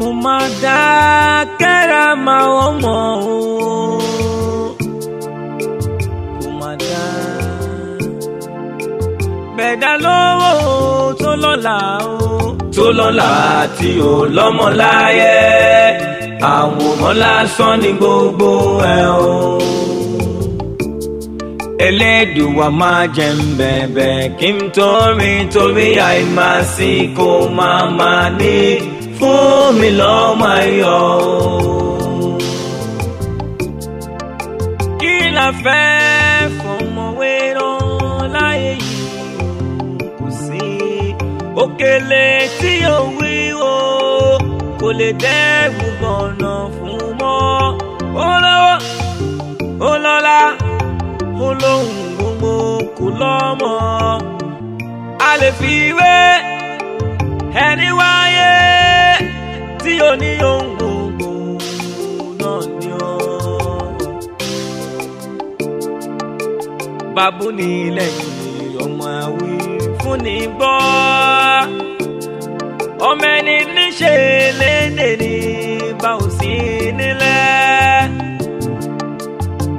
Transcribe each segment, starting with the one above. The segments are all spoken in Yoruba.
kò má dá kẹ́ra máa wọ́n mọ̀ o kò má dá bẹ̀dá lówó tó lọ́lá o. tó lọ́lá tí ò lọ́mọ láyé àwòmọ́ lásán ní gbogbo ẹ̀ o elédùwà máa jẹ ń bẹ̀bẹ̀ kí n torí torí àìmásí kó máa máa ní fún mi lọ́mọ ayọ̀. kí la fẹ́ fọmọwé rán láyé yìí kò sí òkèlè tí ó wí o kò lè dẹ́rù gbọ̀nà fún mọ́ ó lọ́wọ́ ó gbogbo kò lọ́mọ a lè fi wé ẹni wáyé tí o ní ohun gbogbo náà ni ọ́. babu ní ilẹ̀ yìí ọmọ àwí fún ní gbọ́ ọmọ ẹni níṣe léde ní bá ò sí nílẹ̀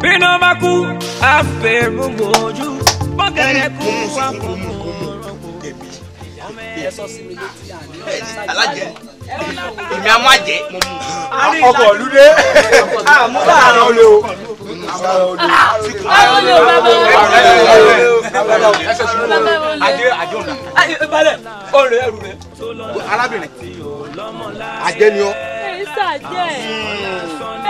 bínú bá kú àfẹ̀rù gbòójú bọ́gẹ̀rẹ̀ kú wà kú. alájẹ èmi á má jẹ́ mo mú. ọkọ̀ olúdé àmúlò àrà olè o. àrà olè o bàbá olè o. adé adé ọ̀nà. balẹ̀ ọ̀rẹ́ ẹrù rẹ̀. arábìnrin ajẹ́ ni ọ́. èyí sàjẹ́.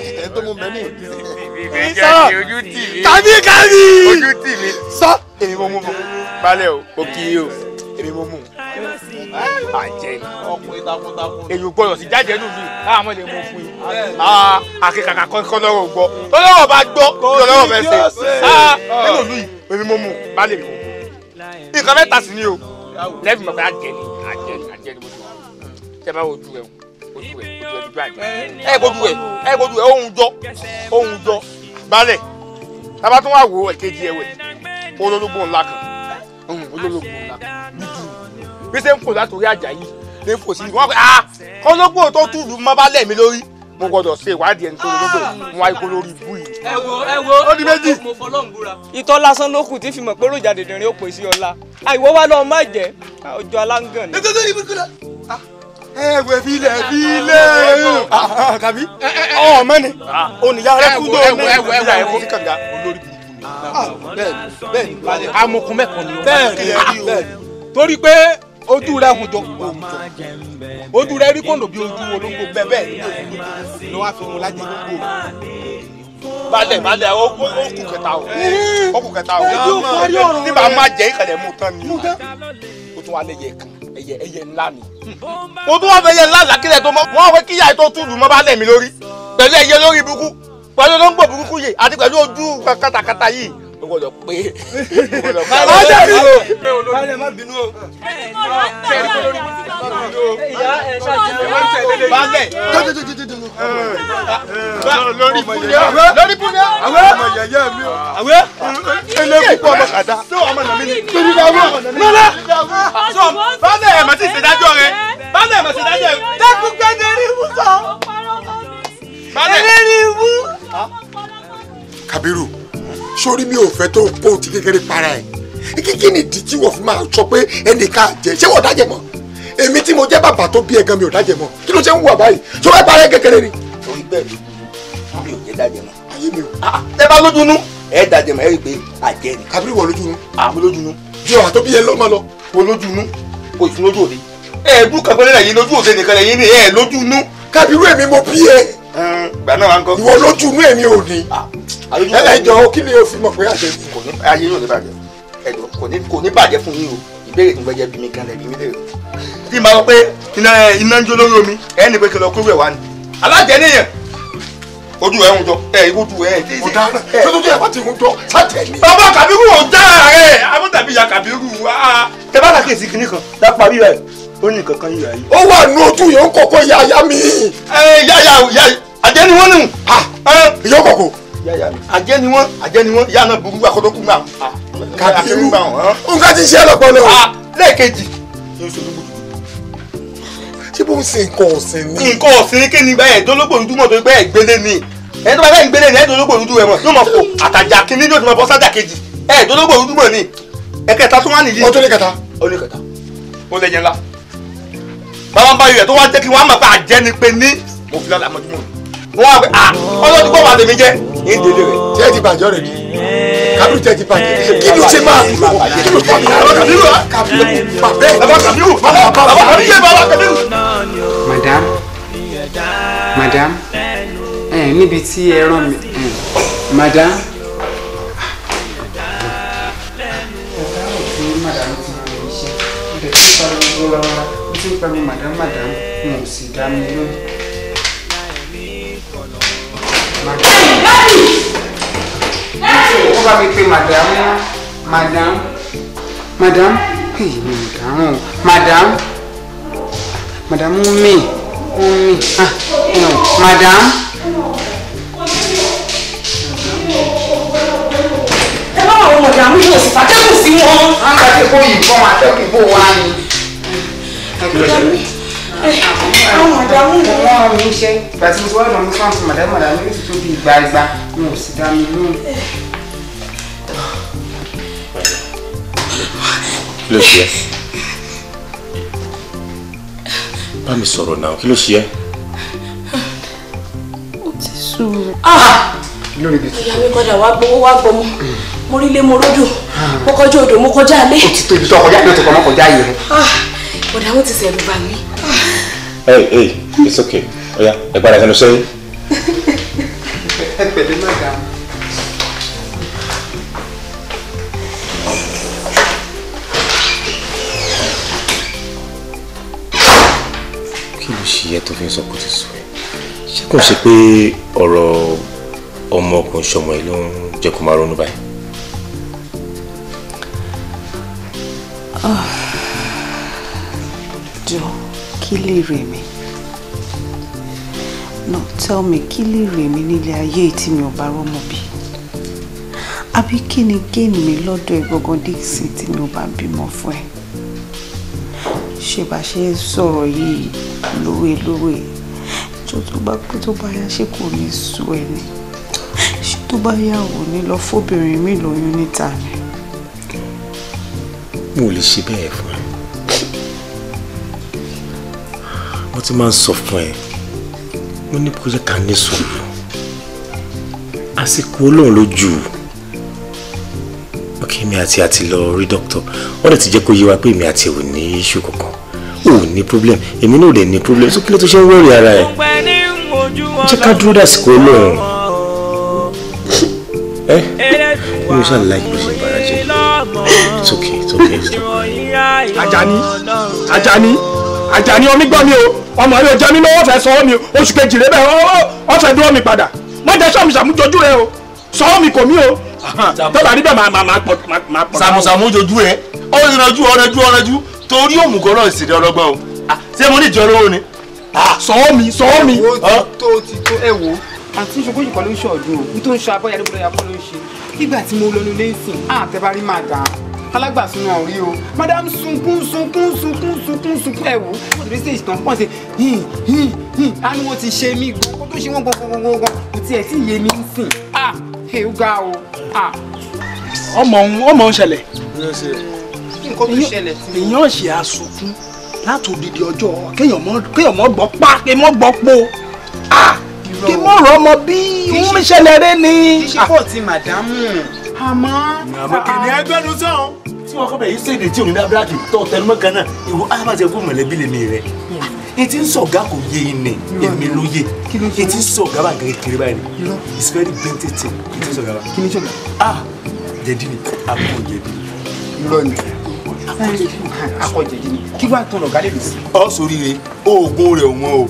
ẹ tó mú mẹ́mí. sọ kàmí kàmí. ojú tì mí. sọ èmi mo mú mu balẹ̀ o kò kì í o èmi mo mú. bàjẹ́ ọkùnrin takuntakun. èyí ò gbọ́dọ̀ sí jáde nù mí káà mọ̀ lè mú fún yìí. Ah, akẹ́kọ̀ọ́ kọ́kọ́ lọ́rọ̀ gbọ́ tọ́lọ́rọ̀ bá gbọ́ tọ́lọ́rọ̀ fẹ́ sẹ́ ah, ah. nínú ìlú yìí èmi mo mú balẹ̀ mi mo mú. nǹkan mẹ́ta sì ni o lẹ́bi mọ̀ pé àjẹ́ ni àjẹ́ ni àjẹ́ ni mo ti wà. tẹ́ bá wo ojú ẹ̀ ojú ẹ̀ ẹ ti grind ẹ kojú ẹ ẹ kojú ẹ ohun jọ ohun jọ balẹ̀ tàbá tún wà wò ẹ̀kejì ẹ̀wẹ̀ olólùgbò ńlá kan olólùgbò ńlá kan bí ṣe ń fò látòrí Àjàyí lè fò sí wọn pé ah olólùgbò tó túlù má bá lẹ̀ mí lórí mo gbọ́dọ̀ ṣe ìwádìí ẹni tó olólùgbò wọn àìkú lórí ibú yìí. ẹ wo ẹ wo ó di méjì. ìtọ́ lásán ló kù tí fi mọ̀ pé ròjà dèdèrè ó pè sí ọ̀la àìwọ́ wa má jẹ́ ọjọ́ aláǹgàn ni ẹwẹ filẹ filẹ kàbí ọmọ ni oníyà rẹ kú lóore ní ìlà ẹwọ fi kànga olórí burúkú ni bẹ́ẹ̀ni amukun mẹkan ni bẹ́ẹ̀ni bẹ́ẹ̀ni torí pé ojú rẹ hun jọ ojú rẹ rí kòndò bí ojú olóńgbò bẹ́ẹ̀ bẹ́ẹ̀ ni wọn fi mu lájẹ gbogbo balẹ̀ balẹ̀ ó kú kẹta o ó kú kẹta o eh. nígbà má jẹ́ ìkàlẹ̀ mú tán ni o tún wà lẹ́yẹ kan ẹyẹ ẹyẹ ńlá ni. mo tún wá fẹ́ yẹ ńlá làkìlẹ̀ tó mọ́ wọ́n fẹ́ kíyà tó túlù mọ́ bá lẹ̀ lórí pẹ̀lú ẹyẹ lórí burúkú pẹ̀lú olóńgbò burúkú yìí àti pẹ̀lú ojú katakata yìí o gbọ́dọ̀ pé o gbọ́dọ̀ pé. bàbá ọjà mi o bàbá má bínú o. kẹrin kó lórí kùtù má bínú o. ìyá ẹ ṣáàjì ló ń tẹ̀lé lé. balẹ̀ jọjọjọjọjọ. lórí fúnni àwẹ lórí fúnni àwẹ ọmọ yẹyẹ mi o àwẹ eléyìí kú ọmọ kàdá. tó ọmọ nàmi ni. torí ka wọ mọlá. sọ balẹ̀ ẹ̀ mà ti ṣèdájọ́ rẹ balẹ̀ ẹ̀ mà ti ṣèdájọ́ rẹ. dákun gbẹ́dẹ́ rí wúsọ. balẹ̀ ẹ̀ rí wú. Kabiru sórí mi ò fẹ́ tó kó ti kékeré para ẹ̀ kíkí ni ìdí tí wọ́n fi máa sọ pé ẹnìkan àjẹ́ ṣé wọ́n dájẹ́ mọ́ èmi tí mo jẹ́ bàbá tó bí ẹ̀gán mi ò dájẹ́ mọ́ kí ló ṣe ń wù àbáyé ṣé wọ́n para ẹ̀ kékeré ni. torí bẹ́ẹ̀ ló dúró mi ò jẹ́ dájẹ́ mọ́. ayé mi ò. Ah, ah, ẹ bá lójúnú ẹ dájẹ́ mọ́ ẹ rí i pé àjẹ́ ni. àbúrò wọ lójúnú. àmú ah, lójúnú. bí ọ̀rọ̀ tó bí yẹn lọ́mọ lọ. mo lójúnú kò ìtún lójú òde. ẹ̀ẹ́dún kan pẹ́lẹ́ gbà náà wà ń kọ́. ìwọ lójú inú èmi ò ní. Ah, ẹlẹ́jọ́ kí ni o fi mọ̀ pé àṣẹ. kò ní ayé yóò ní bàjẹ́ ẹ̀dọ̀ kò ní bàjẹ́ fún yín o ìbéèrè tó gbẹ́jẹ́ bí mi kan lẹ́bi mi lè. tí màá wọ pé iná ń jó lórí omi ẹ̀ ní pé kí lọ kúrò ẹ̀ wá ni. alájẹ níyàn ojú ẹ̀ ń jọ ẹ̀ ìwújú ẹ̀ ń tẹ̀sí. ọ̀daràn tó tó jẹ́ pàtì ìwújọ sátẹ̀ ni. bàbá kàbírù ò já rẹ̀ abúdàbí ya kàbírù ah, ah. tẹ bá kàkíyèsí kinní kan dápàá bí rẹ̀ ó ní kankan yìí ayé. ó wà nù ojú yòó ya yáyá mi. ẹ yáyá yáyá àjẹ́ ni wọ́n nù. ìyọ́ kọ̀kọ́. àjẹ́ ni wọ́n àjẹ́ ni wọ́n yáà náà burú akọ́dọ́kú gbà. kàbírù nǹkan ti ṣe ẹlọpọ náà. lẹ́ẹ̀kejì. ṣé bó ń sin nǹkan ọ̀sìn ni. nǹkan ọ̀sìn kí ni báyẹn dólógbò dúdú mọ̀ tó bẹ́ẹ̀ gbélé ni ẹni tó bá bẹ́ẹ̀ gbélé ni ẹ̀ dólógbò dúdú ẹ̀ mọ̀ yóò mọ̀ fò àtàjà kínní yóò ti mọ̀ bọ́ sájà kejì ẹ̀ dólógbò dúdú mọ̀ ni ẹ̀kẹta tó wà nìyí. ó tó ní kẹta. ó ní kẹta. ó lẹ́yìn ńlá bàbá bá yẹ tó wá jẹ́ kí wọ́n á mọ̀ pé àjẹ́ ni pé ní mo fi lálẹ́ àmọ́júmọ́ mo wá pé à ọlọ́dún gbọ́ wà tèmi jẹ́ ní ìdílé rẹ̀. ṣé ti bàjọ́ rẹ̀ ni kábírù tẹ ti bàjẹ́ kí ló ṣe máa kí ló fọ́ bàbá ah! kábírù bàbá kábírù bàbá kábírù bàbá kábírù. madam madam ẹ níbi tí ẹ rán mi madam. Thank you tí ó pa mi madam madam wọn ò sì dá mi lóhùn. ó bá mi pe madam madam madam èyí mi ò dáhùn madam madam ń mì ń mì ah madam. ẹ bá wà wọ́n mọ̀ dàmú yóò sì fàtẹ́kù sí wọn. wọ́n ń gbàgbé kó yìnbọn àtẹ́kù bò wá ni àwọn àdàmú ni wọn ò ní ṣe ìgbà tí mo ti wá lọ mú fáwọn màdàmú àdàmú yóò ti tó bí ìgbà ìgbà mi ò sì dá mi lóhùn. kí ló ṣe ẹ́ bá mi sọ̀rọ̀ náà kí ló ṣe ẹ́. ó ti sùn. lórí ibi tuntun. ìyá mi kọjá wá gbowó wá gbọmọ mo rí ilé mo ródò ah. mo kọjá odò mo kọjá ilé. o ti tóbi tó ọkọjá ilé tó kọ mọ yìí. Ah! I want to say sẹ̀rù bà mí. hey hey it's okay ọ̀ya ẹ padà sẹ́nu say. ẹ pẹ̀lú madam. kí ló ṣe yẹ tó fi ń sọ kó ti sùn ẹ ṣé kò ṣe pé ọ̀rọ̀ ọmọ ọkùnrin ṣọmọ ẹ ló ń jẹ́ kó máa ronú báyìí. Ah, jọ kí lè no tell me Kili remi rè mí nílé mi ò bá rọ́mọ bí àbí kí ni géènì mi lọ́dọ̀ ìgbọ̀ngàn dixon tí mi ò bá bímọ fún ẹ ṣe bá ṣe ń sọ̀rọ̀ yìí lówelówe tó tó bá pé tó bá ni ṣé ba ya yá ò ní lọ fóbìnrin mi lóyún ni. mo lè ṣe bẹ́ẹ̀ ti máa sọ fún ẹ mo ní kó yẹ ká ní sùúrù àsìkò Ọlọ́run ló jù ó mi àti àti lọ rí dókítà wọ́n lè ti jẹ́ kó yé wa pé èmi àti ò ní iṣu kankan ò ní problem èmi náà ò dẹ̀ ní problem so kí tó ṣe ń wẹ̀rì ara ẹ̀ jẹ́ ká dúró dàsìkò Ọlọ́run ẹ mi ò ṣàlàyé bó ṣe ń bára jẹ́ it's okay it's okay. Ajani Ajani. Àjàní onígbọ́ mi o ọmọ rẹ jẹ́ mi lọ́wọ́ fẹ́ sọ́wọ́ mi o oṣù kejì rẹ bẹ́ẹ̀ ọ fẹ́ dúró mi padà má jẹ́ sọ́ọ̀mù sàmújọjú rẹ o sọ́wọ́ mi kò mí o tọ́ba níbẹ̀ máa máa pọ̀ máa pọ̀. sàmù sàmù jojú ẹ ọ̀rẹ́jú ọ̀rẹ́jú ọ̀rẹ́jú torí òmùgọ̀ náà sì dé ọlọ́gbọ́n o ah, ṣé mo ní ìjọ lówó ni. Ah. sọ́wọ́ mi sọ́wọ́ mi. tó ti tó ẹ wo àti ṣùgbọ́n ìkọ́lé ń ṣọ̀dún o nítorí ṣọ abọ́yá ló ń ṣe nígbà tí mo lọ́nu lẹ́sìn àtẹ̀bárí máa dà á alágbàsunu ọ̀rí o madam sunkún sunkún sunkún sunkún sunkún ẹ̀wò wọ́n ti stage tán pọ̀ sí hìn hìn hìn á ní wọ́n ti ṣe mí gan kó tó ṣe wọ́n gbọ̀ngbọ̀ngbọ̀ngbọ̀ kò tiẹ̀ tí ìyé mi ń sìn ah ẹ̀ ó ga o ah. ọmọ òun ọmọ òun ṣẹlẹ̀ nǹkan tó ṣẹlẹ̀ sí mi. èèyàn ṣe àsùnkún láti òdìdí ọjọ́ kéèyàn mọ́ gbọ́ pa kéèyàn mọ́ gbọ́ po kí mọ̀ rọ ọmọ bí ń ṣẹlẹ̀ rẹ ni. kí ṣe pọ̀ ti màdámù. àmọ́ àmọ́ kìnìún ẹgbẹ́ nu sọ̀hún tí wọn kọbẹ yìí ṣèdè tí òní dábìláàkì tó tẹnumọ́ kan náà ìwọ alábàjẹ kó mọ̀lẹ́bí lèmi rẹ etí ń sọ̀gá kò yé yín ni èmi ló yé etí ń sọ̀gá bá gẹ́gẹ́ kiri báyìí ni it's very bent thing etí ń sọ̀gá bá. kí ni ah jẹ̀dí ni akọ jẹ̀dí. irọ́ ni akọ jẹ̀dí ni kí wàá tọ̀nà gálẹ̀ lù ọ sórí rẹ oògùn rẹ wọn o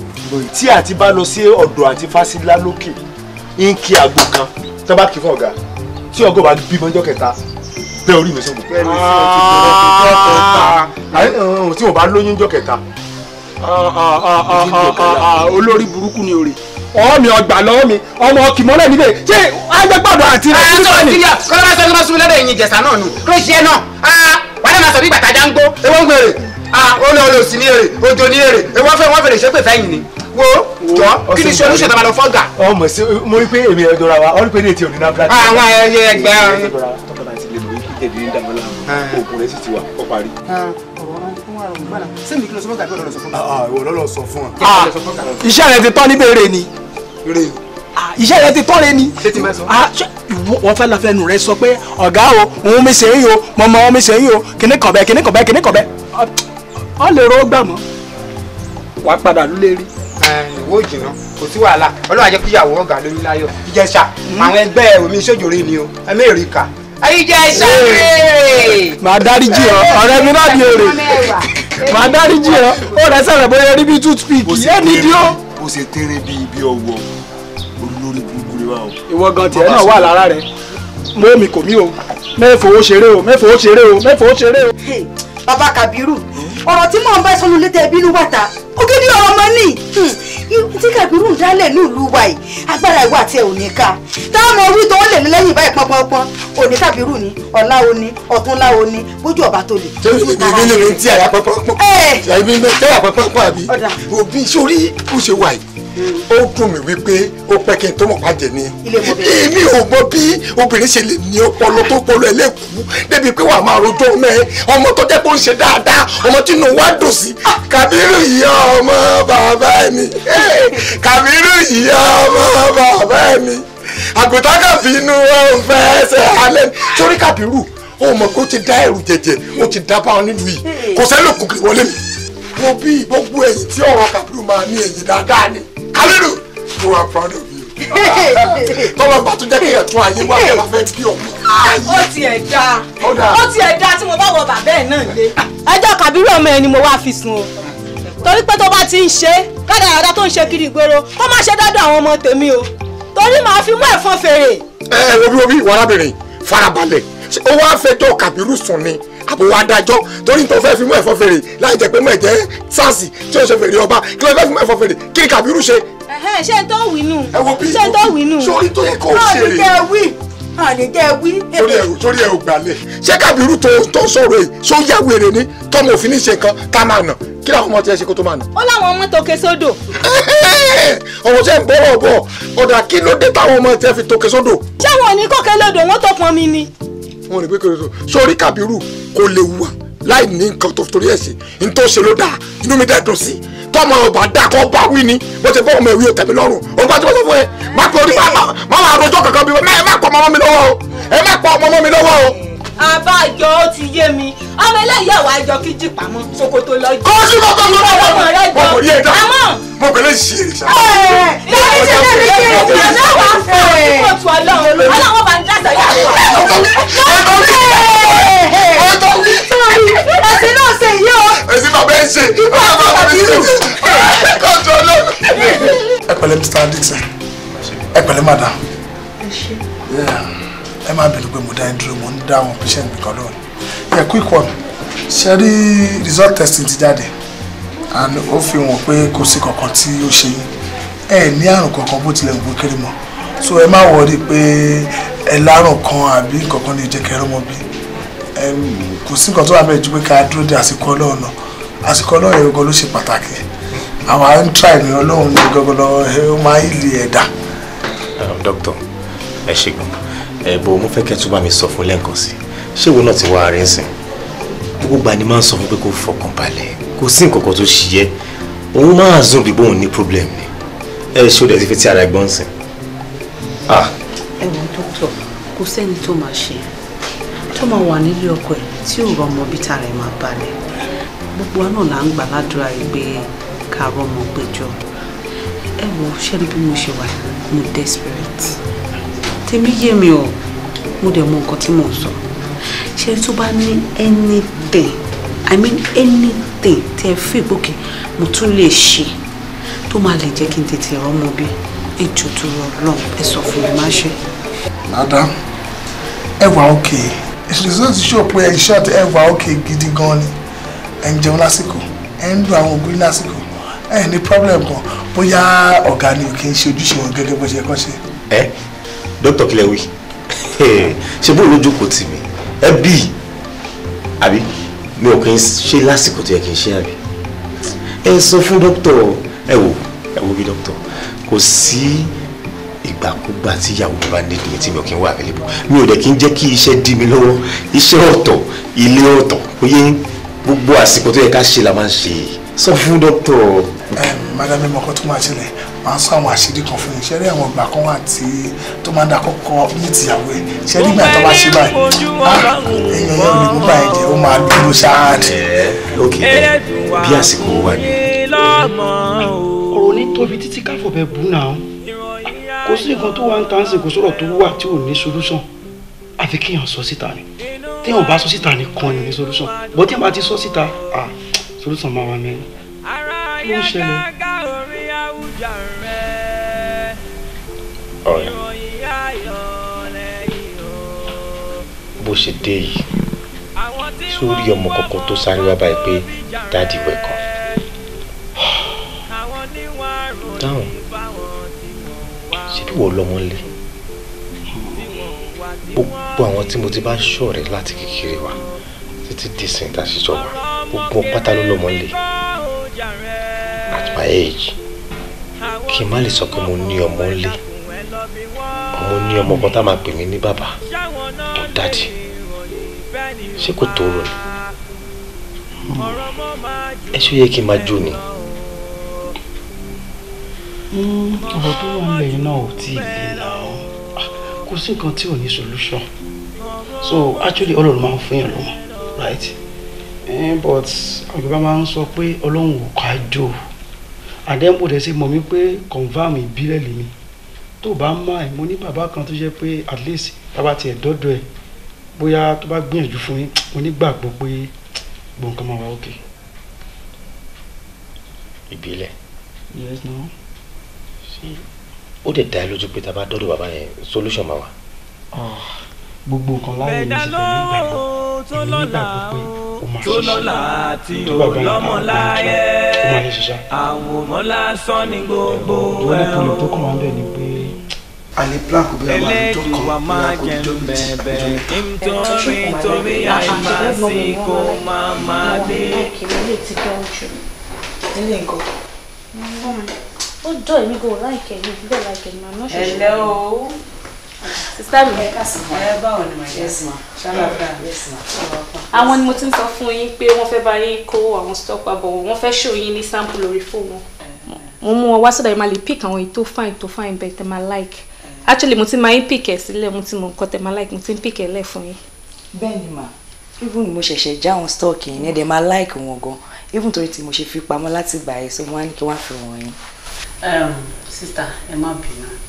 tí àti bá lọ sí ọ̀dọ̀ àti fásilá lókè ń kí àgbo kan tó bá kí fún ọ̀gá tí ọgọ́ bá bímọ ọjọ́ kẹta bẹ́ẹ̀ orí mi sọ gbogbo. bẹ́ẹ̀ni sí o ti bẹ̀rẹ̀ ọjọ́ kẹta tí o bá lóyún ọjọ́ kẹta. olórí burúkú ni òrè ọ̀ọ́ mi ọgbà lọ́wọ́ mi ọmọ kìmọ́lẹ̀ níbẹ̀ ṣé agbẹ́gbàdo àti rẹ̀ kí ló wà ní. kọ́lá máa sọ ẹni máa sunmi lọ́dọ̀ ẹ̀yìn ìjẹ̀sà náà nù kí ló ṣe é náà wàá máa sọ bí gbàtà jáńgbó. ewé ń gbèrè olè olè òsì ní èrè òjò ní èrè ewé fẹ́ wọ́n fèrè ṣépè fẹ́yìn ni wo jọ kí ni sọ olùṣètò àbálò fọ́gà. ọmọ sí mo rí pé èmi ẹ̀dọ́ra wa ọ rí pé ní etí òní náà fúlàtì. àwọn ẹyẹ ẹgbẹ́ jẹ̀dí ní dàmọ́ láàmú oògùn rẹ̀ sì ti wà kọ́ parí. Ah, ah, iṣẹ́ rẹ̀ ti tọ́ ní bèrè ni ah, iṣẹ́ rẹ̀ ti tọ́ rẹ̀ ni wọ́n fẹ́ lọ́fẹ́nu rẹ̀ sọ pé ọ̀gá o òun mi ṣe é yìí o mọ̀mọ́ òun mi ṣe é yìí o kìnnì kọ̀bẹ kìnnì kọ̀bẹ kìnnì kọ̀bẹ ọ lè ro gbà mọ́. wàá padà ló lè rí. ìwọ ìjìnà kò sí wàhálà ọlọ́run á jẹ́ kí ìyàwó ọ̀gá lórí láyọ̀ ìjẹsà hmm. àwọn ẹgbẹ́ omi ìṣòjòrè ni o ẹ mẹ́rin kà ìjà ìṣàkóso. màá dáríjì ọ ọ̀rẹ́ mi náà di èrè màá dáríjì ọ ó rẹ sẹ̀rẹ̀ bóyá rí bí toothpick yé ni di ó. bó ṣe tẹ́rẹ̀ bí ibi ọwọ́ olórí gbogbo rẹ wà o. ìwọ gan tiẹ̀ náà wà lára rẹ mú mi kò mí o mẹ́fọ̀ọ́ ṣeré o mẹ́fọ̀ọ́ ṣeré o mẹ́fọ̀ọ́ ṣeré o. bàbá Kàbírù ọ̀rọ̀ tí mò ń bá sọnù létí ẹbí inú wàtà ògidì ọ̀rọ̀ mọ́ ni hmm. tí kàbírù ń dálẹ̀ nílùú wa yìí agbára ìwà àti ẹ̀ ò ní ká táwọn orí tó ń lè ní lẹ́yìn báyìí òní kàbírù ni ọ̀la òní ọ̀túnla òní bójú ọ̀bá tó lè. ṣé ìgbìmọ̀ ní ti àyà pọ́npọ́npọ́n àbí òbí sórí bó ṣe wà yìí ó dùn mí wípé ó pẹ́ kí n tó mọ̀ bàjẹ́ ni èmi ò gbọ́ bí obìnrin ṣe lè ní ọpọlọ tó pọlọ ẹlẹ́kùú débi pé wàá máa rojọ́ ọmọ ẹ ọmọ tó jẹ́ pé ó ń ṣe dáadáa ọmọ tí inú wa dùn sí Kàbírù ìyá ọmọ bàbá mi Kàbírù ìyá ọmọ bàbá mi àgùntàn kàbí inú ọ̀hún fẹ́ ṣe alẹ́ sórí Kàbírù ó mọ̀ pé ó ti dá ẹ̀rù jẹjẹ ó ti dá báwọn nílùú yìí kò sẹ́lẹ̀ kùkì wọlé mi. mo bí gbogbo ẹ̀yìn tí ọ̀rọ̀ Kàbírù máa ní ẹ̀yìn dáadáa ni alẹ́nu mo are proud of you. tọ́lọ́ bá tún jẹ́ kí ẹ̀tún ayé wá bẹ́ẹ̀ la fẹ́ kí ọ̀pọ̀. ó ti ẹ̀ da ó ti ẹ̀ da tí mo bá wọ bàbá ẹ̀ náà lé. ẹjọ́ kàbírú ọmọ ẹ ni mo wá fi sùn o torí pé tó bá ti ń ṣe kádàrádà tó ń ṣe kiri ìgboro kó má ṣe dọ́dọ̀ àwọn ọmọ tèmi o torí màá fi mú ẹ̀fọn fèrè. ẹ ẹ omi omi wàrábìnrin farabalẹ̀ ó wá fẹjọ́ kàbírú sùn ni àbò wa dájọ́ torí tó fẹ́ fi mú ẹ̀fọ́ fèrè láì jẹ́ pé mú ẹ̀jẹ̀ sáàsì tí ó ṣe fèrè ọba kí ló fẹ́ fi mú ẹ̀fọ́ fèrè kí Kàbírù ṣe. ṣé n tó wí nù ṣé n tó wí nù sórí tó yẹ kó o ṣe rè sórí ẹ ò gbalẹ̀ ṣé Kàbírù tó sọ̀rọ̀ yìí só yà wèrè ni tọmọ òfin ní ṣe nǹkan ká máa nà kí làwọn ọmọ tiẹ̀ ṣe kó tó máa nà. ó láwọn ọmọ tókè sódò. ọ̀rọ̀ ṣe ń bọ̀rọ̀ bọ̀ ọ̀dà kí ló dé táwọn ọmọ tiẹ̀ fi tókè sódò. ṣé wọn ò ní kókè lódò wọn mi ni wọn rè pé kò lè so sórí Kàbírù kò lè wà láì ní nǹkan tó torí ẹ̀ sí ní tó ṣe ló dáa inú mi dẹ̀ dùn sí tọ́mọ ọba dákọ̀ bá wí ni bó ṣe fọ́ ọmọ ìwé òtẹ̀mí lọ́rùn ọba tí wọ́n sọ fún ẹ má pọ̀ orí má má má kankan bí wọ́n ẹ má pọ̀ ọmọ mi lọ́wọ́ ẹ má pọ̀ ọmọ mi lọ́wọ́ o àbájọ ó ti yé mi ọmọ eléyìí ọwọ àjọ kí jí pamọ́ ṣòkòtò lọ jù. kọ́sí bàbá mi lọ́wọ́ ọmọ rẹ jọ ọmọ yẹn dá mo bẹ̀rẹ̀ sí i. ìyá mi ṣe lè rí kí ètò ọlọ́wọ́ fún ẹ̀ kóòtù ọlọ́run ọlọ́wọ́ bá ń dá sọ́yà. ẹ̀sìn náà ṣe yí o. ẹ̀sìn bàbá ẹ̀ ṣe bàbá bàbá mi ṣe kóòtù ọlọ́run. ẹ pẹ̀lẹ́ Mr. Dixon ẹ pẹ̀lẹ́ madam. ẹ ṣe ẹ má bínú pé mo dá ẹ dúró mo ń dá àwọn patient mi kan quick one ṣe rí result testing ti jáde and ó fi hàn pé kò sí kankan tí ó ṣe yín ẹ ní àrùn kankan bó tilẹ̀ gbó kéré mọ́ so ẹ má wọrí pé ẹ lárùn kan àbí kankan lè jẹ́ kẹrẹ́ mọ́ bí kò sí nǹkan tó wà bẹ́ẹ̀ ju pé ká dúró de àsìkò ọlọ́run náà àsìkò ọlọ́run yẹn gan ló ṣe pàtàkì àwọn à ń tra ìrìn ọlọ́run ní gọ́gọ́lọ́ ó máa ń lè ẹ̀dá. ẹ ṣègùn ẹ̀bù mo fẹ́ kẹ́ tún bá mi sọ fún lẹ́ǹkan sí ṣé ìwọ náà ti wá arin sìn gbogbo gbà ni máa ń sọ fún pé kó fọkàn balẹ̀ kò sí nǹkan kan tó ṣì yẹ òun máa zoom bí bóun ní problem ni ẹ ṣé o dẹ̀ ti fi ti ara ẹ̀gbọ́n sìn. ẹ̀wọ̀n dókítà kò sẹ́ni tó máa ṣe tó máa wà nílé ọkọ ẹ̀ tí ò rọ ọmọ bí tara ẹ̀ máa balẹ̀ gbogbo wa náà là ń gbà ládùúrà yìí pé ká rọ ọmọ gbẹjọ ẹ ṣẹ́ni bí mo ṣe wà mo desperate tèmi yé mi o mo dẹ̀ mọ nǹkan tí mò sọ ṣé tó bá ní anything i mean anything tí ẹ fi ìgbókè mo tún lè ṣe tó máa lè jẹ́ kí n tètè rọ́mọ bí ètò tó rọ lọ́n ẹ sọ fún mi má ṣe. dada ẹ wà òkè ìṣèlú ti ṣó pé ẹ ṣọ́ọ̀tì ẹ wà òkè gidi gan ni ẹ ń jẹun lásìkò ẹ ń lo àwọn ògùn lásìkò ẹ ní problem kan bóyá ọ̀gá ni kì í ṣe ojúṣe wọn gẹ́gẹ́ bó ṣe kọ́ ṣe. ẹ Dr. kílẹ̀ wí ṣe bóun ló jókòó tì mí ẹ bí àbí mi ò kì í ṣe lásìkò tó yẹ kí n ṣe àbí ẹ sọ fún dókítà ẹ wò ẹ wò bí dókítà kò sí ìgbàkúgbà tí ìyàwó bá nídìí mi tí mi ò kí ń wà available mi ò dẹ̀ kí ń jẹ́ kí iṣẹ́ dí mi lọ́wọ́ iṣẹ́ ọ̀tọ̀ ilé ọ̀tọ̀ oyé gbogbo àsìkò tó yẹ ká ṣe la máa ń ṣe sọ fún dókítà. ẹ madame mọ̀kọ́ tó máa ṣẹlẹ̀ máa ń sọ àwọn àṣírí kan fún yín ṣe àwọn ìgbà kan wà tí tó máa ń da kọ́kọ́ ní tìyàwó ẹ̀ ṣe ìgbà tó bá ṣe báyìí ẹ̀yìn ọ̀yọ́ ò lè mú ó máa dúró ṣáàdì. lókè bí àsìkò wà ní. ọ̀rọ̀ ní tóbi títí káfọ̀ bẹ́ẹ̀ bù náà kò sí nǹkan tó wà ń tàn sí kò sọ̀rọ̀ tó wà tí ò ní solution àfi kéèyàn sọ síta ni téèyàn bá sọ síta ni ò ní solution bọ́ téèyàn bá ti sọ síta ah solution máa wà mẹ́rin ló ń ṣẹlẹ̀ àlùjá rẹ ìròyìn ayọ̀ lẹ́yìn o. bó ṣe dé yìí sórí ọmọ kọ̀ọ̀kan tó sáré wá báyìí pé dáàdi wẹ̀ kan dáhùn ṣebí wọ́n lọ́mọ lé gbogbo àwọn tí mo ti bá ṣọ̀rẹ́ láti kékeré wa títí dísìn tá a ṣe jọ wà gbogbo pátá ló lọ́mọ lé at my age kí n má lè sọ pé mo ní ọmọ ńlé mo ní ọmọ kan tá a máa pè mí ní bàbá tó dáàdì ṣé kò tó rò ní ẹ ṣó yẹ kí n máa jó ni. Hmm, ọ̀rọ̀ tó wà nílẹ̀ yìí náà ò tí ì lè nà ọ́ ah, kò sí nǹkan tí ò ní solution so actually ọlọ́run máa ń fún yàn lọ́mọ right eh, but àgbẹ̀ bá máa ń sọ pé ọlọ́run ò ká jó o àdẹ́mbò dẹ̀ ṣe mọ̀ mí pé confam ìbílẹ̀ lèmi tó bá má ẹ̀ mo ní bàbá kan tó jẹ́ pé at least bàbá tiẹ̀ dọ́dọ̀ ẹ̀ bóyá tó bá gbìyànjú fún yín mo nígbàgbọ́ pé gbọ̀ǹkan máa wà òkè. ìbílẹ̀. yes no. ó dẹ̀ dá ẹ lójú pé tá a bá dọ́dọ̀ bàbá yẹn solution máa wà. Ah, gbogbo nǹkan láàyè ní ìṣẹ̀lẹ̀ nígbàgbọ́ èmi nígbàgbọ́ pé ó máa ṣiṣẹ́ tó bàbá yẹn bá wà àwòrán lásán ni gbogbo ẹ̀ o. olùkọ́ni tó kàn ń tó nítorí torí àìmásìkò máa máa dé. ó dọ̀ èmi hello sista mi. ẹ báwo ni mo yẹ sí ma ṣálàfà yẹ sí ma. àwọn ni mo ti ń sọ fún yín pé wọ́n fẹ́ bá yín kó àwọn stock pa bọ̀ wọ́n fẹ́ show yín ní sample lórí fóònù mo mú wọn wá sọ́dọ̀ yìí máa lè pick àwọn èyí tó fine tó fine bẹ́ẹ̀ tẹ́ máa like actually mo ti máa ń pick ẹ̀ sílẹ̀ mo ti mọ nǹkan tẹ́ máa like mo ti ń pick ẹ̀ lẹ̀ fún yín. bẹ́ẹ̀ ni mà even mo ṣẹ̀ṣẹ̀ já àwọn stock yìí ní ẹ̀dẹ̀ máa like wọn gan even torí tí mo ṣe fi pamọ́ láti gbà ẹ̀ so wọ́n á ní kí wọ́n á fi wọ̀nyí. sista ẹ má bínú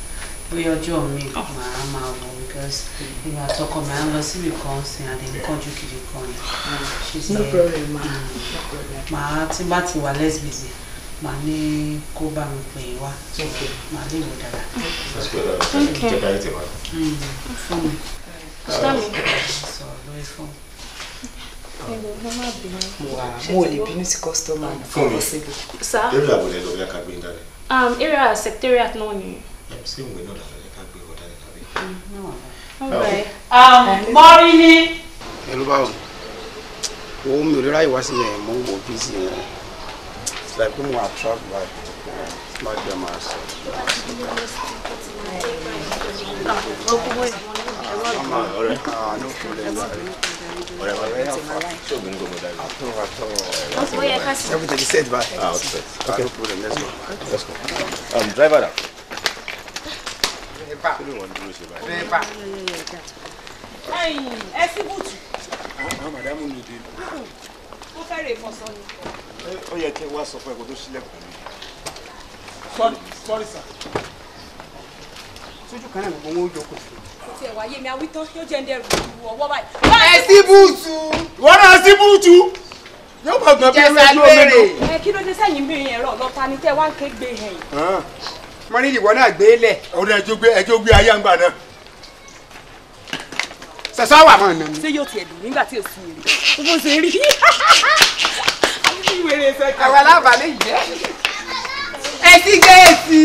bóyá ọjọ́ mi màá máa wọ̀ because ìgbà àtọkọ màá lọ síbi kan sin àdínkànjú kiri kan ni màá tí bá ti wà less busy màá ní kó bá mi pè é wá màá lè wò dára. Mm. fún mi. sọ̀rọ̀ lórí fún mi mo ò lè bínú sí kọ́sítọ́mà fún mi area àbúlé lọ bí a kà gbé ń dalẹ̀. Um, area secretariat náà ni ṣé òun náà làwọn ẹ̀ka gbé wọn dání tàbí. Mm-hmm. Um, um, mọ́rí ni. ẹ ló bá wù owó mi ò rí ráyè wá sí yẹn mo ń wò bí sí yẹn it's like mo wà travel by má jẹ máa sọ. ọmọ ọ̀rẹ́ ah no problem ọ̀rẹ́ wa lẹ́yìn afa ṣọọbù ń gbọmọdà yìí. àtọ àtọ ọ̀rẹ́ wa lẹ́yìn afa ṣọọbù ń gbọmọdà yìí. everything is set by. ah okay okay no problem let's go. let's go. Um, driver da nípa nípa. ẹ̀yin ẹ sí bùtù. àwọn màdámù ló dé. wọ́n fẹ́rẹ̀ ìfọ̀sọ ni. ó yẹ kí n wá sọ fún ẹ kó tó sílẹ̀kùn mi. sọ́rí sà sójú kan náà ni gbogbo wọn ó jókòó sí. kò tiẹ̀ wáyé mi awítán yóò jẹ́ ń dẹrù ọwọ́ bùtù. wọ́n bùtù yóò mo rí ìwọ náà gbé lẹ̀. ọ̀rẹ́ ẹjọ́ gbé ẹjọ́ gbé ayé àgbà náà. sọ̀sọ́ wà mọ̀ nà mí. ṣé yóò tiẹ̀ dùn nígbà tí èsì rẹ̀ mo ṣe rí. àwọn alábàálẹ̀ yìí jẹ́. ẹ ti gé èsì.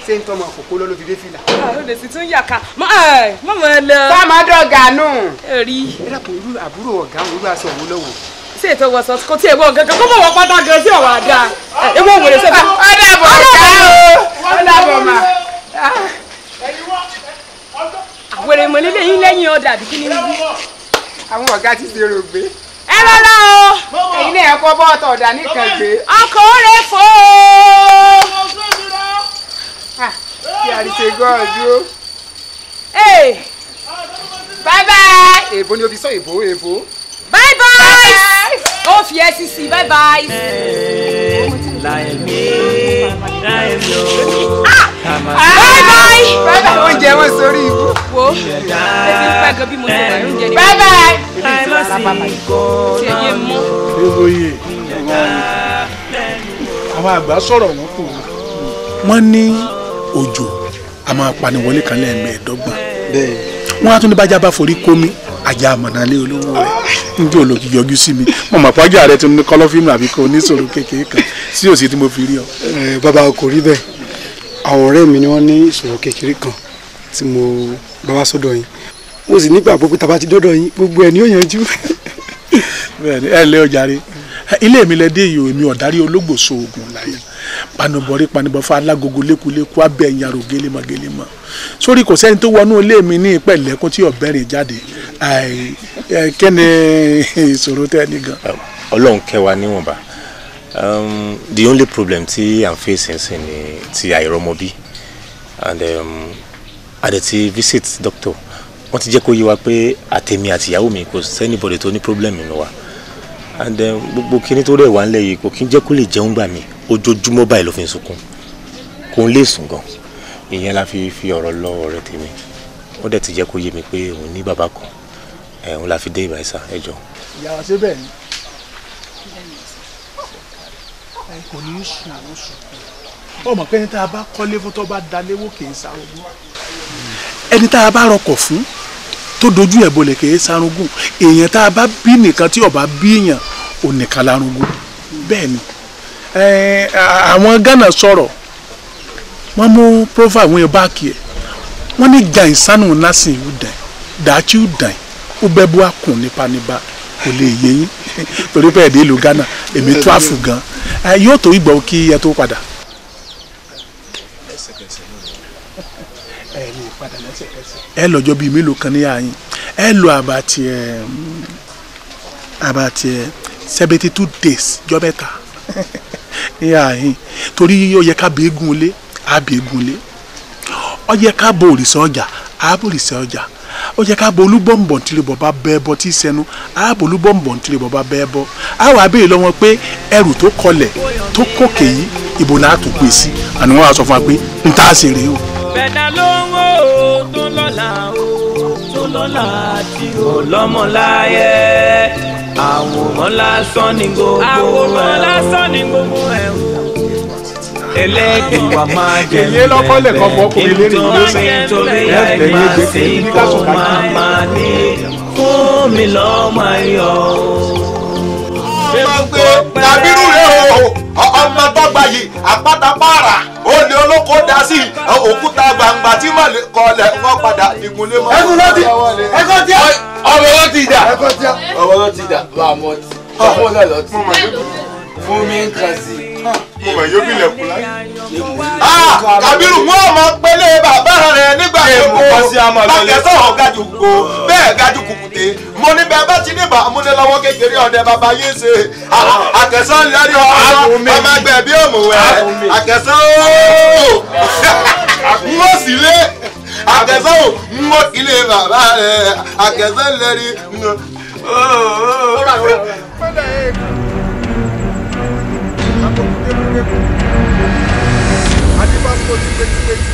E ṣé ń tọmọ àkókò lọ́lọ́ fi dé fìlà. àwọn ah, èsì tún yà ká mọ eh, mọ lọ. fáwọn ọdọ ọgá nù. ẹ rí. ẹ dàpọ̀ irú àbúrò ọ̀gá òun ló aṣọ òun lọ́wọ́ tí ètò wọ̀sán kò tí èwo gangan kó mọ̀ wọ́n pátá gan sí ọ̀wọ́ àdá ewu òwúrẹ́ sẹ́fà. ọ̀dà bọ̀ ọ̀dà o ọ̀dà bọ̀ mà. àwẹ̀rẹ̀ mọ̀ nílé yín lẹ́yìn ọ̀dà àbí kí ni wí. àwọn ọ̀gá ti ṣe rògbé. ẹ lọ́lá o ẹ̀yin náà ẹ̀kọ́ bọ́ ọ̀tọ̀ ọ̀dà nìkan gbé. ọkọ̀ ó rẹ̀ fọ́ o. kí àríṣe gọ́ọ̀dù o. bye bye. èbó ni o fi sọ èbó èbó bye oh, bye ó fi ẹ sí sí bye bye. láì mí láì mí o. bye bye. bye bye oúnjẹ wọn sórí ibú. wo bye. Bye pàgọ́ bí mo ṣe wà oúnjẹ ni. bye bye. láìmọ̀ sí kó náà mú. èrò yìí àwọn àgbà sọ̀rọ̀ wọn kò wọ́n ní òjò a máa paniwọlé kan lẹ́ẹ̀mẹ́ẹ̀ẹ́dọ́gbọ̀n wọ́n á tún ní bájá bá forí kómi aja àmọ̀nálé olówó rẹ̀ níbi olóògì yọjú sí mi mo mọ̀ pàjọ́ ààrẹ tí mo ní kọ́lọ́fínù àbí kò níṣòro kékeré kan sí òsì tí mo fi rí ọ. bàbá kò rí bẹẹ àwọn mi ni wọ́n ní ìṣòro kékeré kan tí mo bá wá sọ́dọ̀ yín mo sì gbogbo ni yanjú. ẹ lé ọjà ilé mi lẹ dé yìí èmi láyé panubọrí panubọfà alágogo lékuléku abẹ ìyàrá gelemọgelema sórí kò sẹ́ni tó wọnú ilé mi ní ìpẹ̀lẹ́kùn tí ọ̀bẹ rẹ̀ jáde kẹ́ni ìṣòro tẹ́ ní gan. ọlọ́run kẹwàá níwọ̀nba um, the only problem tí I'm facing fèsì sí ni ti àìrọ́mọbí and àdètí um, visit doctor wọ́n ti jẹ́ kó yé wa pé àtẹ̀mí àtìyàwó mi kò sẹ́nibọ̀dẹ̀ tó ní problem nínú wa and um, gbogbo kinní tó rẹ̀ wá ń lẹ̀ yìí kò kí ń jẹ́ kó lè jẹun gbà mí ojoojúmọ́ báyìí ló fi ń sunkún kò ń lè sùn gan ìyẹn la fi fi ọ̀rọ̀ lọ ọ̀rẹ́ tèmi ó dẹ̀ ti jẹ́ kó yé mi pé òun ní bàbá kan òun la fi dé ìbàyìí sá ẹ jọ. ìyàwó ṣe bẹ́ẹ̀ ni kò ní í sùn àwọn sùn ọmọ pé ẹni tá a bá kọ́lé fún tó bá dalẹ́wọ́ kì í sarogún ẹni tá a bá rọkọ̀ fún tó dojú ẹ̀ bolẹ̀ kì í sarogún èèyàn tá a bá bí nìkan tí ọba bí èèyàn ò nìkan larogún bẹ́ẹ̀ ni àwọn Ghana sọ̀rọ̀ wọ́n mú profile wọn yẹn báàkì ẹ̀ wọ́n ní jainsanu nasin yóò dàn dàtí yóò dàn ó bẹ́ bó akùn nípa-nípa kò lè yé yín torí pé ẹ̀dẹ́ ìlú Ghana èmi tó àfù gan yóò tó ìgbà kí ẹ tó padà. ẹ lọ́jọ́ bíi mélòó kan ní àyín ẹ lọ àbàtì ẹ àbàtì ẹ seventy two days jọ́ mẹ́ta. yàhìn torí ó yẹ ká bẹ egun ilé á bẹ egun ilé ó ká òrìṣà ọjà a òrìṣà ọjà ó ká bo olúbọ̀nbọ̀n tí lè bọ̀ bẹ́ẹ̀ bọ́ tí bo olúbọ̀nbọ̀n tí lè bẹ́ẹ̀ bọ́ lọ́wọ́ pé ẹrù tó kọlẹ̀ tó yìí ìbò fún wa pé a ṣe rèé o. ló ń tó lọ́la tó lọ́la àwòrán lásán ni gbogbo ẹ̀ àwòrán lásán ni gbogbo ẹ̀ ẹlẹ́dùnwá máa jẹ mẹ́lẹ́ ìtọ́jẹ́ tó máa ṣe kó máa máa ní fún mi lọ́mọ ayọ̀. ṣé wọ́n gbé dàbírù rẹ̀ o ọmọ tó gbayì àpáta pààrà olè olóko dá sí òkúta gbangba tí mà kọlẹ̀ wọ́n padà digun lé mọ́. ẹkún lọ́tì ẹkún tíá. ọ̀rọ̀ lọ́tì ìjà ọ̀rọ̀ lọ́tì ìjà wà á mọ̀ ọ̀tì ọ̀pọ̀ náà lọ́tì fún mi ń sí i mo mọ̀ yóò bí ilẹ̀kùn láyé. Kàbírù mú ọmọ pélé bàbá rẹ̀ nígbà gbogbo bàkẹ́sọ̀ ọ̀gájú kò bẹ́ẹ̀ gájú kùkùté mo ní bẹ́ẹ̀ bá ti ní bàmúlé lọ́wọ́ kékeré ọ̀dẹ bàbá yìí ṣe àkẹ́sọ̀ lórí ọ̀rọ̀ ọmọ ẹgbẹ́ bí òmùwẹ̀ àkẹ́sọ̀ ooo n ó sì lé àkẹ́sọ̀ ò n ó ilé bàbá rẹ̀ àkẹ́sọ̀ lẹ́rí ooo. kurz, kurz, kurz.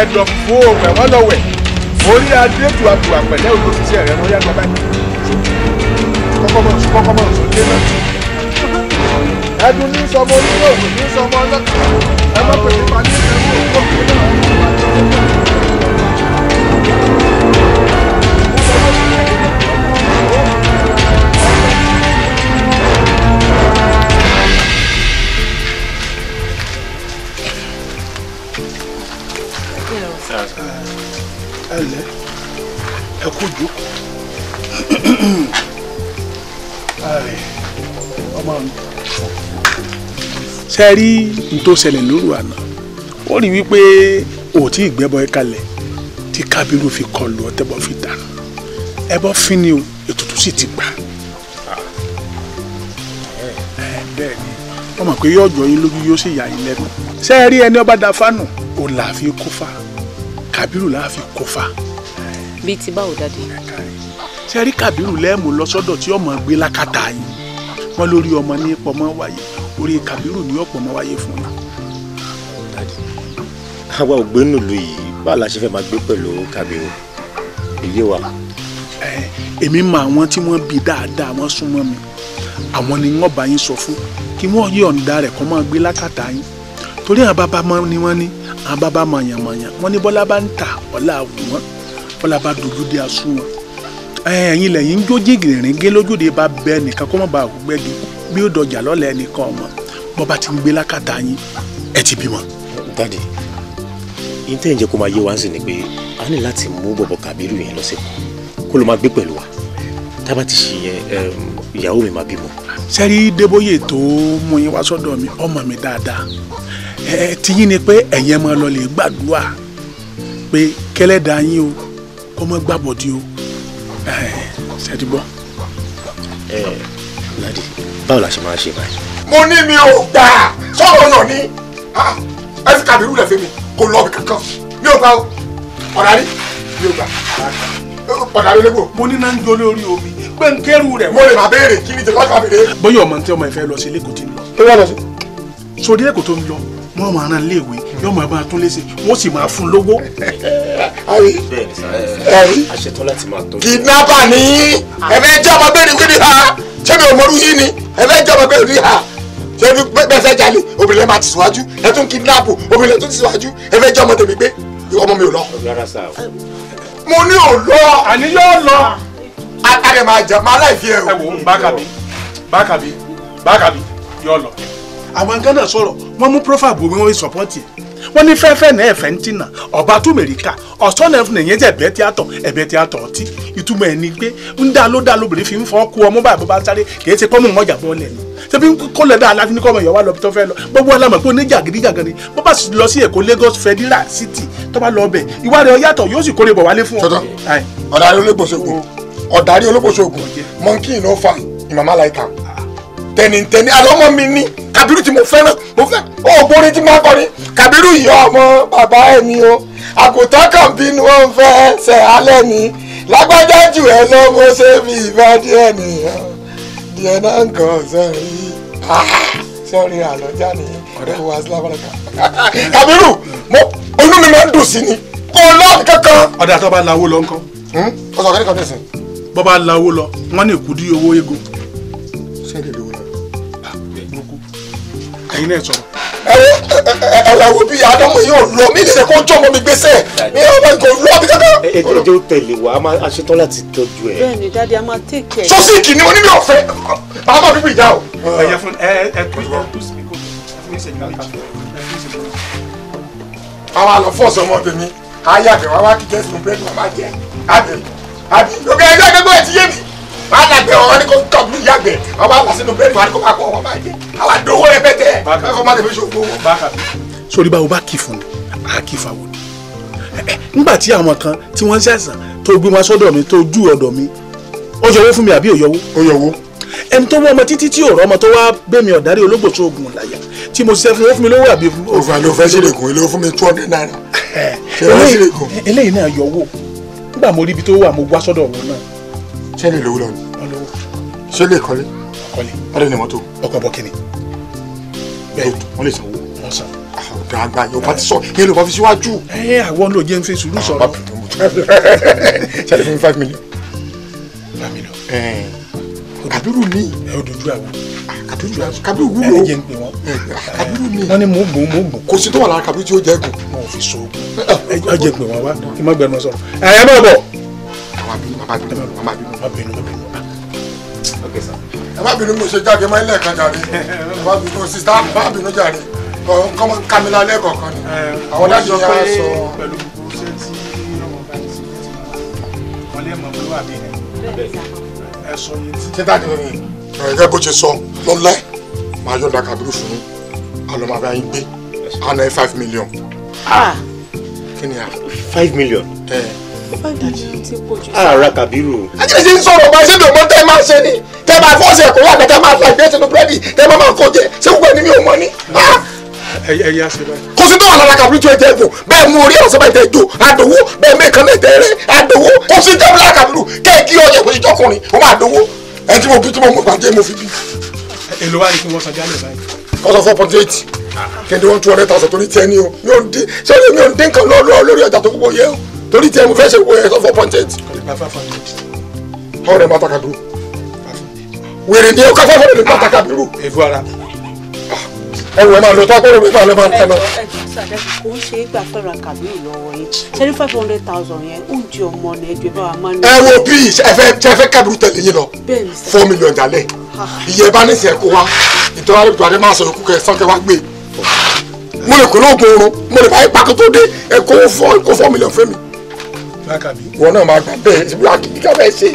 ẹ lọ fún òun ẹ̀wọ́n lọ wẹ̀ orí adé tuwàtuwà pẹ̀lẹ́ òun ló fi sí ẹ̀rẹ́ mọ́ yàtọ̀ báyìí kọ́kọ́ mọ̀ kọ́kọ́ mọ̀ sọ dé náà ẹdun ní sọmọ oníwèé òun ní sọmọ ọlọ́kùnrin ẹ má pèsè pàdé ìṣẹ́wó òkú òkú náà. ẹlẹ ẹ kú jókòó ààrẹ ọmọ ó rí wípé òtí ìgbẹ́bọ ẹ kalẹ̀ tí kábírù fi kọlù ọtẹ́bọ fi ẹbọ ni o ètùtù ti gbà bẹ́ẹ̀ ni ọ mọ̀ pé yóò jọ fi kábírù la fi kún fa. bíi ti báwo dáadé. ṣe rí kábírù lẹ́ẹ̀mú lọ́sọ́dọ̀ tí ọmọ gbé lákàtà yìí wọn lórí ọmọ ní pọmọ wáyé orí kábírù ní ọ̀pọ̀ ọmọ wáyé fún yìí. àwa ò gbé nùlù yìí báwo la ṣe fẹ́ máa gbé pẹ̀lú kábírù èyí wa. èmi mọ àwọn tí wọ́n bí dáadáa wọ́n súnmọ́ mi àwọn ni wọ́n bá yín sọ fún kí wọ́n yọ̀ǹda rẹ̀ kó máa gbé lákàtà yín torí àwọn bàbá mọ ni wọ́n ní àwọn bàbá mọ̀yànmọ̀yàn wọ́n ní bọ́lá bá ń tà ọ̀la àwù wọn bọ́lá bá dojú di aṣọ wọn. ẹ̀yin lẹ́yìn ń jó jìgìrìn gé lójúde bá bẹ ẹnìkan kó mọ̀ bá àwùgbẹ́ di bí ó dọjà lọ́lẹ̀ ẹnìkan ọmọ bọ́ bá ti ń gbé lákàtà yín ẹ ti bímọ. dadi yín tẹ́ ẹ̀ ń jẹ́ kó máa yé wa ń sìn ni pé a ní láti mú bọ̀bọ̀ kàbírù yẹn lọ sí kó ló máa gbé pẹ̀lú wa tábà ti ṣe yẹn ìyàwó mi máa bímọ. sẹ́rí débóyè tó mú yín wá sọ́dọ̀ mi ọmọ mi dáadáa ẹ tiyín ni pé ẹ̀yin máa lọ lè gbàdúrà pé kẹlẹ́dà yín o kó mọ́ gbàbọ̀dí o ṣẹ́ẹ́dì ẹ ẹ ladi báwo la ṣe máa ṣe báyìí. mo ní mi ò gbà sọ̀rọ̀ yàn ní ẹ ti kàbí rúlẹ̀ fẹ́mi kò lọ bì kankan mi ò gbà o ọ̀rá rí mi ò gbà ọ̀rá rí lẹ́gbọ̀ọ́. mo ní náà ń jolé orí omi pé n kẹ́rù rẹ̀. mo lè máa béèrè kí ni jẹ́ lọ́kàn mi ọmọ tí ọmọ ìfẹ́ lọ sí ilé kò tí lọ. tó yà lọ sí. sòdí èkó tó ń lọ wọ́n máa rán iléèwé yóò máa bá a tún léṣe wọ́n sì máa fún lówó. ayi ayi kìdínápà ni ẹ̀fẹ̀ jẹ́ ọmọ bẹ́ẹ̀ ni wí ni ha ṣé mi ò mọ̀rú yín ni ẹ̀fẹ̀ jẹ́ ọmọ bẹ́ẹ̀ ni ha ṣé mi bẹ́sẹ̀ jalè obìnrin máa ti síwájú ẹ̀ tún kìdínápù obìnrin tún ti síwájú ẹ̀fẹ̀ jẹ́ ọmọ tèmi gbé ọmọ mi ò lọ. mo ní ò lọ. àní yóò lọ. a kàdé máa jẹ máa láì fi ẹ o. ẹ wò ó bákàbí bákàbí bákàbí yóò lọ àwọn gánà sọ̀rọ̀ wọ́n mú proverb wí wọ́n support ẹ̀ wọ́n ní fẹ́fẹ́ náà ẹ̀fẹ́ ń tìnà ọba tó mẹ̀ríkà ọ̀sán náà fún ẹ̀yẹ́ jẹ́ ẹ̀bẹ́ tí a tọ̀ ẹ̀bẹ́ tí a tọ̀ ọtí ìtumọ̀ ẹ̀ ni pé ń dá ló dá lóbìnrin fi ń fọ́ kú ọmọ báyìí bó bá ń sáré kì í ṣe kọ́mù wọn jà bọ́ọ̀lẹ̀ ni ṣebí kó lẹ̀ dáa láti ní kọ́mọ ìyọ̀wá lọ tó fẹ́ lọ gbogbo alamọ̀ pé oní jàgídíjàgan ni bó bá lọ sí Èkó Lagos Federal City tó bá lọ bẹ̀ ìwà rẹ̀ yàtọ̀ yóò sì kórè bọ̀ wálé fún ọ. ọ̀dàrí olóògbòsógùn ọ̀dàrí olóògbòsógùn monkey no fan ìmàmá láìka tẹnitẹni àlọ́mọ mi ni Kabiru ti mo fẹ́ràn mo fẹ́ ògbórin tí máa kọrin Kàbírù yìí ọmọ bàbá ẹ̀ mi o àgùntàn kan bínú ó ń fẹ́ ṣe alẹ́ mi lágbájá jù ẹ lọ mo ṣe fi ìfẹ́ díẹ̀ nìyẹn díẹ̀ náà nǹkan sọ̀rí sọ̀rí àlọ́jà nìyẹn ẹ̀ wá sí lábàlàkà. Kàbírù mo inú mi máa ń dùn sí ni kò lọ́ọ̀dì kankan. ọ̀dà tó bá lawó lọ ńkọ́. Hmm? ọ̀sán kẹ́kẹ́ kan tẹ̀sán. bọ́ bá lawó lọ wọ́n ní ìkúdí owó eégún. ṣé èdè lówó ẹ̀yin náà sọ̀rọ̀. ẹ̀wọ̀ ẹ̀wọ̀ bíi adamu yóò lọ mí lè kó jọ́ mọ́ mi gbèsè mi ò bá kò lọ bí kankan. ẹ ẹ jẹ́ o tẹ̀lé wa a ṣetán láti tọ́jú ẹ. bẹ́ẹ̀ni dadi a máa tẹ̀kẹ̀. sọ́sìkì ni onílé ọ̀fẹ́ a máa bíbí ìjà o. ẹ̀yẹ fún ẹ ẹ tó ẹ tó sì kó fún ìṣẹ̀yìn méjì. àwọn àlọ́ fọ́ọ̀sì ọmọ tèmi ayé àgbẹ̀ wá wá kíkẹ́ sínú bẹ́ẹ̀ alàgbẹ̀ wọn ni kò tọ́bù yàgbẹ̀ wọn bá wà sínú bẹ́ẹ̀ni wọn ni kò máa kọ́ wọn bá jẹ àwọn àdówó rẹpẹtẹ kákọ́ má lè fi ṣòwò. sori báwo bá kì fún ni a kì fáwọn ni nígbà tí àwọn kan tí wọ́n ṣẹ̀sán tó gbé wọn sọ́dọ̀ mi tó jù ọ̀dọ̀ mi ó yọwó fún mi àbí òyọwó. ó yọwó. ẹni tó wọ́n ọmọ títí tí òrọ́ ọmọ tó wá bẹ́mi ọ̀dárí ológbòso oògùn làyà tí mo ṣiṣẹ́ fún mi lówó àbí. òfin àlè òfin ṣe lè gùn ilé fún mi two hundred naira. ṣe é wọ́n ṣe lè gùn. eléyìí náà yọwó nígbà mo rí ibi tó wà mo wá sọ́dọ̀ ọ̀rọ̀ náà ṣé lè lówó lọ́nà ṣé lè kọ́lé kọ́lé ọ̀rẹ́ ni mọ́tò ọkọ̀ bọ́ kíni bẹ́ẹ̀ wọ́n lè sanwó wọ́n san ọ̀gá àgbà yóò bá ti sọ yẹn ló bá fi síwájú. ẹ àwọn ló jẹ́ ń fi sùúrù sọ̀rọ̀. ṣáà lè fún mi five million. five million. Eh, kàbírù ni. ẹ o dojú àwọ. kàbírù kàbírù wúlò. ẹ jẹ́ ń pè wọ́n. Eh, kàbírù ni. wọ́n ní mò ń gùn mò ń gùn. kò sí tó wà lára kàbírù tí ó jẹ́ gùn. mo fi so ogun. ẹ jẹ́ ń pè wọ́n wá kí n má gbẹnu sọ̀rọ̀. Eh, ẹ bọ̀ bọ̀ má bínú má bínú má bínú má bínú má bínú. okay sir. ẹ má bínú mo ṣe jáde mọ́ ilé ẹ̀ka jàre ẹ má bínú sísá ẹ má bínú jàre kọ́mọ kamila lẹ́ẹ̀kọ̀kan ni àwọn láti yà á sọ. pẹ̀lú ṣé tí ọmọ bá ti ti wọ́n lé mọ̀ wíwà bí ẹ sọ yìí tí. títà ni ẹ̀rẹ́ bó ṣe sọ lọ́lá máa yọ̀ǹda Kábírù fún yín alọ́mọba yín gbé àná five million. kí ni a. five million. Eh ara Kabiru. ajínigbé ń sọ̀rọ̀ bá ṣé dòmọ́ tẹ́ máa ṣe ni tẹ́ máa fọ́ọ̀ṣẹ̀ kó wà tẹ́ máa fà ìgbésẹ̀ nu búrẹ́dì tẹ́ máa máa kó jẹ ṣé gbogbo ẹni mi ò mọ ni. ẹyẹ ṣe báyìí. kò sí dọ́wọ́ lára Kabiru ju ẹ̀jẹ̀ ẹ̀fọ́ bẹ́ẹ̀ mú orí ọ̀sẹ̀ báyìí tẹ̀ jò àdòwó bẹ́ẹ̀ mú ìkànnì ẹ̀tẹ̀ rẹ̀ àdòwó kò sí dọ́wọ́ lára Kabiru kẹ́ẹ̀kì ọ̀yẹ̀ kò sí jọkùnrin òun àdòwó ẹ̀ tí mo bí tí mo mú ìbàjẹ́ mo fi bí. èlò wa ni kí wọ́n san jálẹ̀ báyìí. kọ́sọ̀ four point eight ah. kẹ́ndé one two hundred thousand tó ní tiẹ̀ ní o mi ò dín sẹ́yìn mi ò dín kan lọ́ọ́ lórí ọjà tó kúkú yẹ o torí tiẹ̀ mo fẹ́ ṣe wo ẹ̀kọ́ four hundred. ọ̀rẹ́ bàtà kàdúró wèrè ni ó ká fọ́fọ́ lè bàtà kàdúró. ara. ẹ máa lọ tó akọ́rọ̀ mi máa ń tẹnu. five hundred thousand ẹ wo bí ẹ fẹ́ ṣe fẹ́ yín lọ four million dalẹ̀ iye bá ní ìsìn ẹ̀kọ́ wa ìtọ́wá lè buhari máa sọ̀rọ̀ kúkẹ́ sọ́kẹ́ wa gbé mo lè kó lóògùn oorun mo lè bá ipa kó tó dé ẹ̀kọ́ fọ́ ẹ̀kọ́ four million fún mi lákàbí. wọn náà máa gbà bẹ́ẹ̀ ṣe wíwá ká bẹ́ẹ̀ ṣe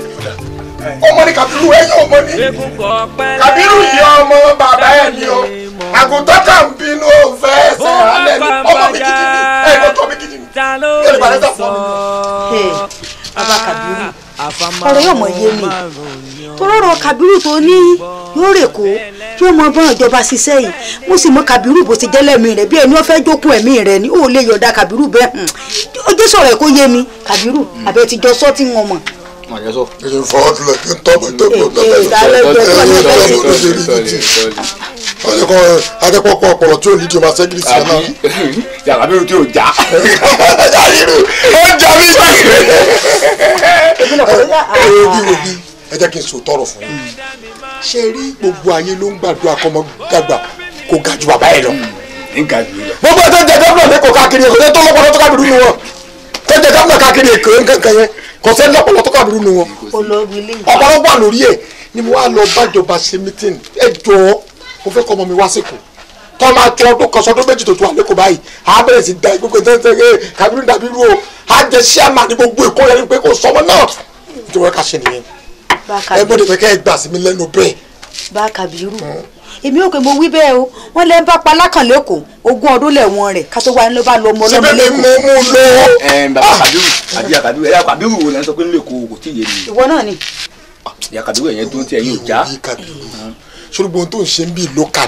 ọmọ ní kàbírù ẹ yóò mọ ní kàbírù yìí ọmọ bàbá ẹ ni o àgùntàn kà ń bínú òfẹ ẹsẹ alẹ ni ọmọ mi gidi ni ẹ ìbọn tọ mi gidi ni ẹ lè bàrẹ sà fọ mi. abakabiru ọ̀rọ̀ yóò mọ̀ yé mi tọ́rọ̀rọ̀ Kàbírù tó ní yóò rè kó yóò mọ bọ́n ìjọba ṣiṣẹ́ yìí mo sì mọ Kàbírù bó ti jẹ́lẹ̀ mi rẹ̀ bí ẹni ó fẹ́ jókòó ẹ̀mí rẹ̀ ni ó lè yọ̀ọ̀dà Kàbírù bẹ́ẹ̀ hmm. ó sọ̀rọ̀ ẹ̀ kó yé mi Kàbírù àbẹ̀ ti jọ sọ́ tí wọ́n mọ̀ wọn yẹ sọ. ẹ ṣe fọwọ́ tilẹ̀ kí n tọ́gbọ̀ tẹ́gbọ̀ tẹ́gbọ̀ tẹ́gbọ̀ adẹ́kọ̀ọ́kọ̀ ọ̀pọ̀lọ̀ tí ò ní di ọba sẹ́gìrì sí ẹ̀nà. yàrá mi ò tí ò já. yàrá ó já mi jù. ẹbí wo bí ẹ jẹ́ kí n sọ tọrọ fún yín. ṣe rí gbogbo ayé ló ń gbàdúrà kọ́mọ dàgbà kó ga ju bàbá yẹn lọ. gbogbo ẹ̀ tó jẹ gómìnà ní kò káàkiri ẹ̀ kò tẹ́ tó lọ́pọ̀ tó káàkiri nù wọn tó jẹ gómìnà káàkiri ẹ̀ kò ń kankan yẹn kò sẹ́ni ọ̀pọ̀lọpọ̀ tó kàdúrú nu wọn ọ̀pọ̀lọpọ̀ lórí ẹ̀ ni mo wá lọ bájọba ṣe mítìn ẹ jọ̀ọ́ mo fẹ́ kọ́ ọmọ mi wá síkù tọ́ máa tẹ ọdún kan sọdún méjì tó tún àlékò báyìí á bẹ̀rẹ̀ sí da gbogbo tẹ́tẹ́rẹ́ kàbírú dàbírú o á jẹ ṣíàmà ní gbogbo èkó yẹn pé kò sọmọ náà ìjọba ká ṣe nìyẹn ẹ bọ́dọ̀ fẹ́ kẹ́ ẹ gbà sí mi lẹ́nu bẹ́ẹ̀. bá a èmi ò pé mo wí bẹ́ẹ̀ o wọ́n lẹ́ ń bá pa lákàn lẹ́kọ̀ọ́ ogún ọdún lẹ́wọ̀n rẹ̀ ká tó wá ní ló bá lọ ọmọ ọlọ́mọ lẹ́kọ̀ọ́. ṣé bẹ́ẹ̀ mo lọ. ẹ bàbá kàbírù àti àkàbírù ẹ̀yà kàbírù wo lẹ́ ń sọ pé ń lè kó kò tí ì yé mi. ìwọ náà ni. Ah, ìyá kàbírù ẹ̀yẹn tó ń tiẹ̀ yín ò já. sórí gbogbo ohun tó ń ṣe ń bí ìlú kà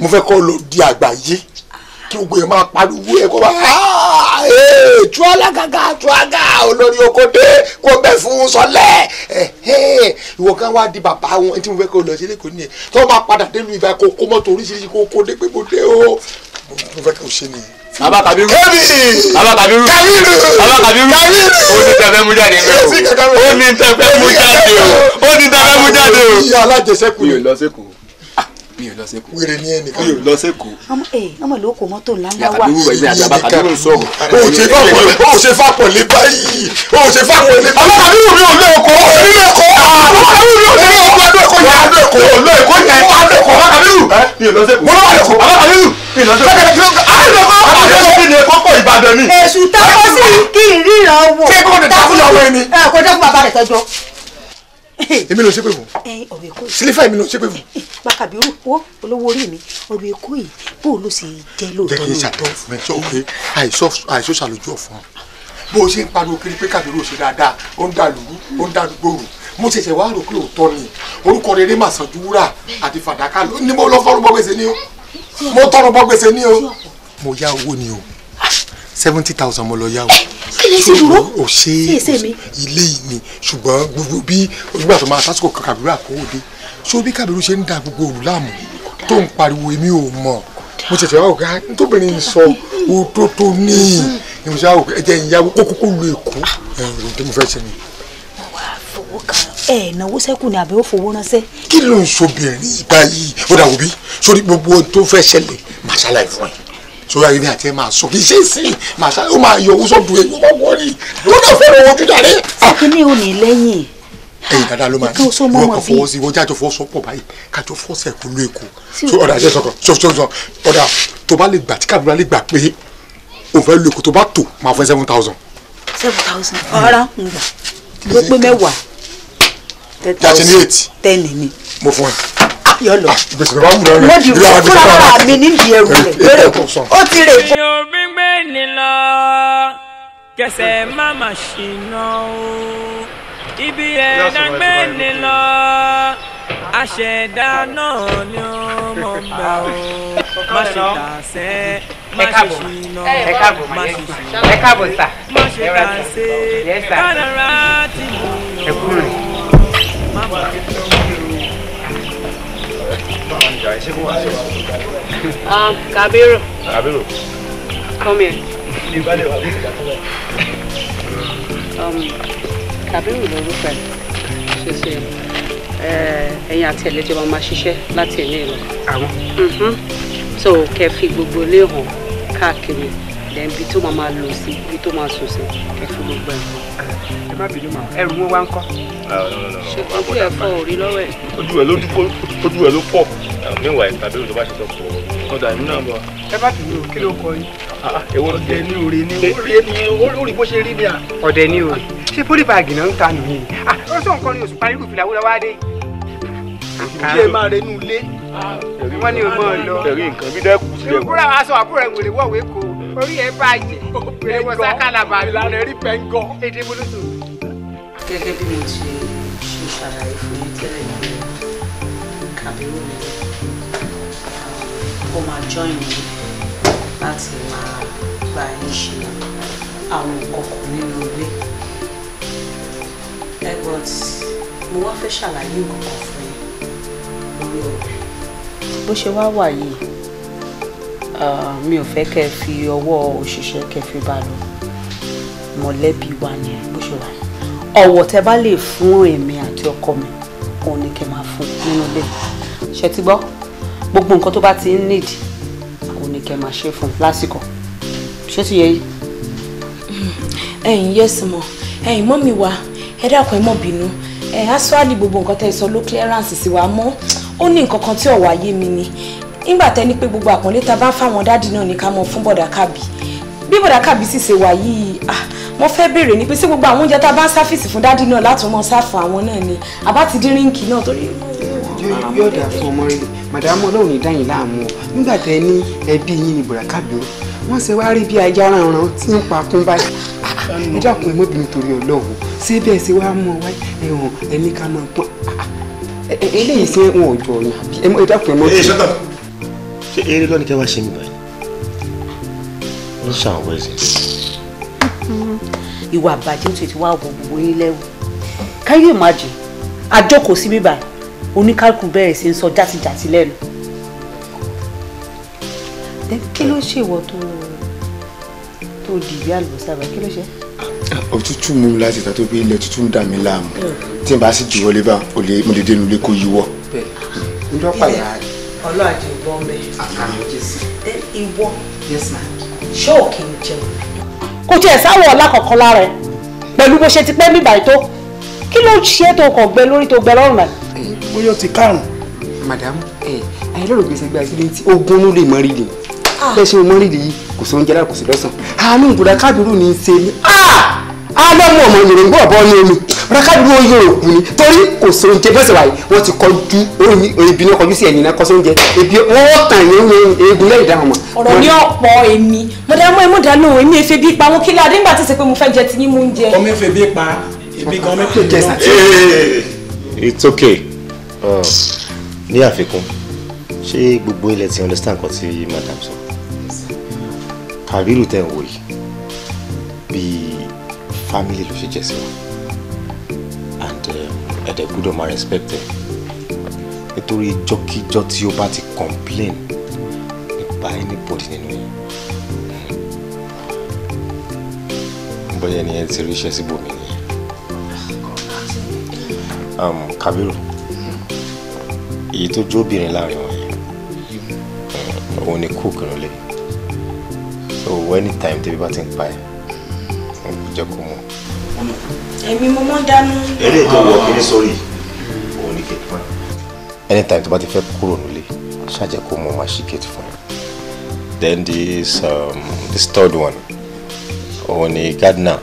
mo fẹ́ kọ́ lọ di àgbáyé kí gbogbo ẹ̀ máa pariwo ẹ̀ kó bá ah, eh, tú alágàgà tú àgà olórí okòdé kó bẹ̀ fún sọlẹ̀ eh, eh, ìwọ kan wá di bàbá wọn tí mo fẹ́ kó lọ sí ilé kò ní ẹ̀ tó bá padà dénú ìfẹ́ kó kó mọ́tò oríṣiríṣi kó kó dé pé mo dé o mo fẹ́ kó ṣe nìyẹn baba kabiru baba kabiru baba kabiru o ni tẹfẹ mu jáde o o tẹfẹ mu jáde o o tẹfẹ mu jáde o. alájẹsẹkù yóò lọ sẹkù mi ò lọ sẹ́kọ̀ọ́ wèrè ní ẹnìkan mi ò lọ sẹ́kọ̀ọ́. ọmọ ẹ ọmọ ìlú kò mọ́tò ńlá ńlá wà. àbúrò ilé àti àbúrò sọ̀rọ̀. o ò ṣe fáwọn ilé o ṣe fáwọn ilé báyìí o ò ṣe fáwọn ilé báyìí. àwọn àbúrò mi ò lọ ẹ̀kọ́ onílé ẹ̀kọ́ àwọn àbúrò mi ò lọ ẹ̀kọ́ yẹn àdó ẹ̀kọ́ yẹn àdó ẹ̀kọ́ yẹn àdó ẹ̀kọ́ alákàbírù. mi ò lọ sẹ́kọ̀ọ́ alákàbírù mi ò lọ sẹ́kọ̀ọ́ alákàbírù mi ò lọ èmi ló ṣe pé fún. ọ̀rọ̀ èkó yìí sílífà èmi ló ṣe pé fún. makabiru wo olówó orí mi ọ̀rọ̀ èkó yìí bó o ló ṣe jẹ́ lóòótọ́ lóòótọ́. jẹ́ kí n ṣàdúrà fún ẹ sọ pé àìsó ṣàlójú ọ̀fun bó o ṣe ń pariwo kiri pé kabiru ò ṣe dáadáa ó ń dàlúrú ó ń dàlúgbòrò mo ṣẹ̀ṣẹ̀ wá rò pé òótọ́ ni orúkọ rere mà sàn ju wúrà àti fàdákà ló ní mo lọ fọ́rùbọ́ gbèsè ni mo tọrọ bọ́ gbèsè ni o mo yá o seventy thousand mo lọ yá o. kí lè ṣe dúró o ṣe ilé yìí ni ṣùgbọ́n gbogbo bí olùgbà tó máa sásìkò kàbírà dé ṣó bí kàbírù ṣe ń da gbogbo òrù láàmú tó ń pariwo èmi ò mọ̀ mo ṣẹ̀ṣẹ̀ wá ọ̀gá tóbìnrin sọ o tó tó ní ìmùsà òkè ẹ̀jẹ̀ ìyàwó kókó kó lu èkó ẹ̀rùn tó mo fẹ́ ṣe ni. mo wá fowó kan ẹ náwó sẹ́kù ni àbẹ̀wò fowó ránṣẹ́. kí ló ń sobìnrin ìgbà ó dà wò bí sórí gbogbo ohun tó fẹ́ ṣẹlẹ̀ màṣálà ìfún ẹ̀ sórí ayé mi àti ẹ máa sọ kì í ṣe ìsìn màá ṣá ó máa yọ owó sọ́dún èyí ó máa wọ́n rí i lọ́dọ̀ fẹ́ràn owó dídá rẹ. sàkínní ò ní lẹ́yìn. ẹyin dada ló máa ní ìwọ kan fọwọ́ sí ìwọ jájọ fọwọ́ sọ́pọ̀ báyìí kájọ fọwọ́ sẹ̀ kó ló èkó ọ̀dà ṣe sọ̀kan sọ̀kan ọ̀dà tó bá lè gbà tí kàbúrà lè gbà pé òun fẹ́ lo èkó tó bá tò máa fẹ́ seven thousand. seven thousand ọ̀rá ń gbà ló pé mẹ́wàá ten thousand ten ni mo fún ẹ yọ lọ mo di fúnra fúnra mi nídìí ẹrù rẹ lórí èkó ó ti rè kó. èèyàn mi kẹsẹ̀ má má ṣìnà o ibi ẹ̀dá gbé ni lọ àṣẹ̀dá náà ni ó mọ̀ mọ́ o má ṣe dàsẹ́ má ṣe ṣìnà má ṣe ṣìnà má ṣe dàsẹ́ kádàrá ti mú o má má ṣe tọ́ ìjà ẹ ṣé kó wà sí wa. Kabiru. Ah, Kabiru. Come here. Ní ìbálẹ̀ wà lóṣù kàtàkì. Kabiru lorúkọ ẹ̀ ṣe ṣe ẹ̀yin àti ẹ̀lẹ́jọ́ máa ma ṣiṣẹ́ láti ilé lọ. Mm-hmm. So kẹ́ fi gbogbo ilé hàn káàkiri then ibi tó máa máa lò sí ibi tó máa sùn sí kẹ́ fi gbogbo ẹ̀ hàn. Ẹ má bínú màá ẹrù wọn wá ń kọ́. Ṣé kò tí ẹ fọ òrí lọ́wọ́ ẹ̀? Ojú ẹ̀ ló pọ̀ meanwhile tàbí olùdó bá ṣe sọ kù ọ̀dà èmi náà bọ̀. ẹ bá ti wo kí ló kọ yìí. Ah, ah, ọ̀dẹ ni òrè ni òrè ni orí bó ṣe rí ni à. ọ̀dẹ ni òrè ah, ṣé pólíbàgì náà ń ta nù yìí. ó sọ nǹkan ni òṣùpá irú fìlà wúlọ wá dé. ṣé ẹ máa rẹnu ilé. wọ́n ní o mọ̀ lọ. ẹ̀rí nǹkan bí dẹ́kun sí ẹ̀wọ̀n. ìrúkúrà wa sọ àbúrò ẹ̀ wèrè wọ̀wé ko orí ẹ̀ bàjẹ́ ẹ̀wọ̀n sákàlàbà ìlànà ẹ̀rí pẹ́ńgọ́. èdè bolóso. gẹ́gẹ́ bí mo ti ṣe ṣàlàyé fún yín tẹ́lẹ̀ àbúrò mi kó máa join me láti máa bá yín ṣe àwọn kọ̀ọ̀kan nínú ilé Edward eh, mo wá fẹ́ ṣàlàyé nǹkan fún yín lórí ọ̀rẹ́ bó ṣe wá wà yìí mi ò fẹ́ kẹ́ fi ọwọ́ òṣìṣẹ́ kẹ́ fi bá lọ mọ̀lẹ́bí wa ni bó ṣe wà ọ̀wọ̀ tẹ́ bá lè fún èmi àti ọkọ mi òun ni kẹ́ máa fún nínú ilé ṣe ti gbọ́ gbogbo nǹkan tó bá ti ń nídìí kò ní kẹ́ máa ṣe fún un lásìkò ṣé ti yẹ yìí. ẹ̀yin yẹsì mọ ẹ̀yin mọ mi wá ẹ dákun ẹ mọ bínú ẹ aṣáálì gbogbo nǹkan tẹ ẹ sọ ló clearance sí wa mọ ó ní nǹkan kan tí ọ̀wá yé mi ni nígbà tẹ ní pé gbogbo àpọ́nlé ta bá fáwọn dáàdì náà ní ká mọ fún bọ̀dà kábì bí bọ̀dà kábì sì ṣe wà yìí wọ́n ah, fẹ́ bèrè ni pé sí gbogbo àwọn oúnjẹ tá a bá ń sáfìsì fún dáàdì náà látún mọ́ sáfù àwọn náà ni àbá ti dín ríǹkì náà torí yóò dà fún ọmọ rẹ màdàmú ọlọ́run ní dáyìn láàmú ọ nígbà tẹ ní ẹbí yín ní bùràkà bí wọ́n ṣe wá rí bí ajá ránran tí ń pa kún báyìí ah, ẹ dákun ẹmọbìnrin torí ọlọ́run ṣé bẹ́ẹ̀ ṣe wá mú ọ wáyé ẹni ká máa pọ́n ah, eléyìí ṣé wọn ò jọ ọ̀nà ẹ dákun ẹmọbìnrin. ṣé eré lọ́ni kẹ́ wá ṣe mi báyìí wọ́n ṣàwọ̀ ẹ̀sìn. ìwà àbàjẹ́ tó ti gbogbo yín lẹ́wọ̀ can you imagine sí bíbáyìí oníkálukú bẹ̀rẹ̀ sí ń sọ játijàti lẹ́nu. kí ló ṣe ìwọ tó tó di ìwé àlùbọ́sà bá kí ló ṣe. òtútù mú láti ta tó bí ilẹ̀ tútù ń dà mí láàmú tí n bá sì jù wọlé bá mo lè dénú lé kó yíwọ́. ọlọ́àjẹ́ ìwọ mẹ́rin àmì jésì. ìwọ ṣé ò kì í jẹun. kò tiẹ̀ sáwọ̀ ọ̀la kankan lára ẹ̀ pẹ̀lú bó ṣe ti pẹ́ bíbáyìí tó kí ló ṣe é tó kàn gbẹ lórí tó gbẹ lọ́rùn náà bóyá ó ti kárùn. madam ẹ ayélujára gbèsè gba sílé tí ogun ló lè mọ rírì lẹ́sẹ̀ ah. mọ rírì yìí kò sóúnjẹ lára kò sí lọ́sàn-án àánú ìbúra kábírù ní í ṣe ni ah! ádámù ọmọ yòròǹgbò ọ̀bọ ní omi rákàdúró yóò kú ni torí kò so oúnjẹ bẹ́sẹ̀ wáyé wọ́n ti kọjú ebi náà kọjú sí ẹ̀yìn náà kọ́sọ́ oúnjẹ ebi wọ́n tàn yẹn yẹn egun lẹ́yìn dáhùn mọ́. ọ̀rọ̀ ní ọ̀pọ̀ èmi mọ̀dàmú ẹ̀mú dáná òun èmi èfè bí pa wọn kílẹ̀ adé nígbà tí ṣe pé mo fẹ́ jẹ ti yín mú oúnjẹ. ọmọ èfè bí pa ebi gan mẹ́tò jẹ sàtì. it's okay Oh. ní àfikún ṣé gbogbo ilẹ̀ ti understand kan tí madam sọ Kàbírù tẹ̀ ń wò yìí bíi family ló ṣe jẹ́ sí wa and eh, ẹ̀dẹ̀ gbọ́dọ̀ máa respect ẹ̀ nítorí jọ́kíjọ́ tí ó bá ti complain nípa anybody nínú yìí bóyá ẹni ẹ ti ríṣẹ́ síbòmí nìyẹn ah, um, Kàbírù èyí tó jó obìnrin láàrin wọn yìí eh, òun ni cook nílé so anytime tẹ́bí bá ti ń pa ẹ̀ jẹ́ kó mọ̀. èmi mo mọ́ dánú. eré tó wọ kíní sórí òun ni kẹ̀kẹ́ fún anytime tó bá ti fẹ́ kúrò nílé ṣáàjẹ́ kó mọ̀ máa ṣí kẹ̀kẹ́ fún ẹ. then this um, this third one òun ni gardener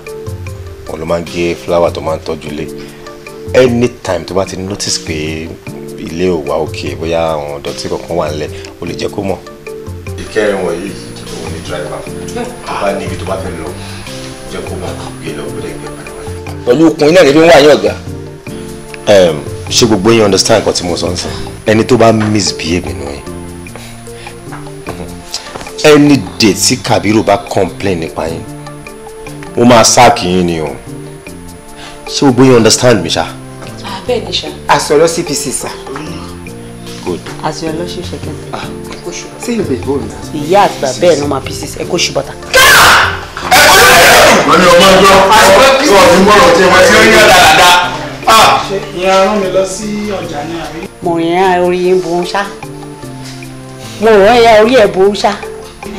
òun ló máa ń gé flower tó máa ń tọ́jú lé anytime tó bá ti notice pé ilé ò wá òkè bóyá àwọn ọ̀dọ́tí kankan wà nílẹ̀ o lè jẹ́ kó mọ̀. ìkẹrin wọ̀nyí òun ni dírẹ́fà tó bá níbi tó bá fẹ́ lọ jẹ́ kó mọ̀ gbé lọ gbé padà pẹ̀lú okùn iná níbi ń wà ní ọ̀gá. ṣé gbogbo yín understand nǹkan tí mo sọ ń ẹni tó bá misbehave nínú yín mhm. any date tí Kabiru bá complain nípa yín mo máa sáàkì yín ni o ṣé gbogbo yín understand mi ṣá. Ah, bẹ́ẹ̀ ni ṣá. àsọ̀rọ̀ CPC sá as ah. your lordship secretary. ẹ kó ṣubọ. ṣé ìbẹ̀ ìbò ah. mi. ìyá àti bàbá ẹ̀ ló máa pieces ẹ kó ṣubọ ta. orí yín bò ṣá mo rìn orí ẹ̀ bò ṣá.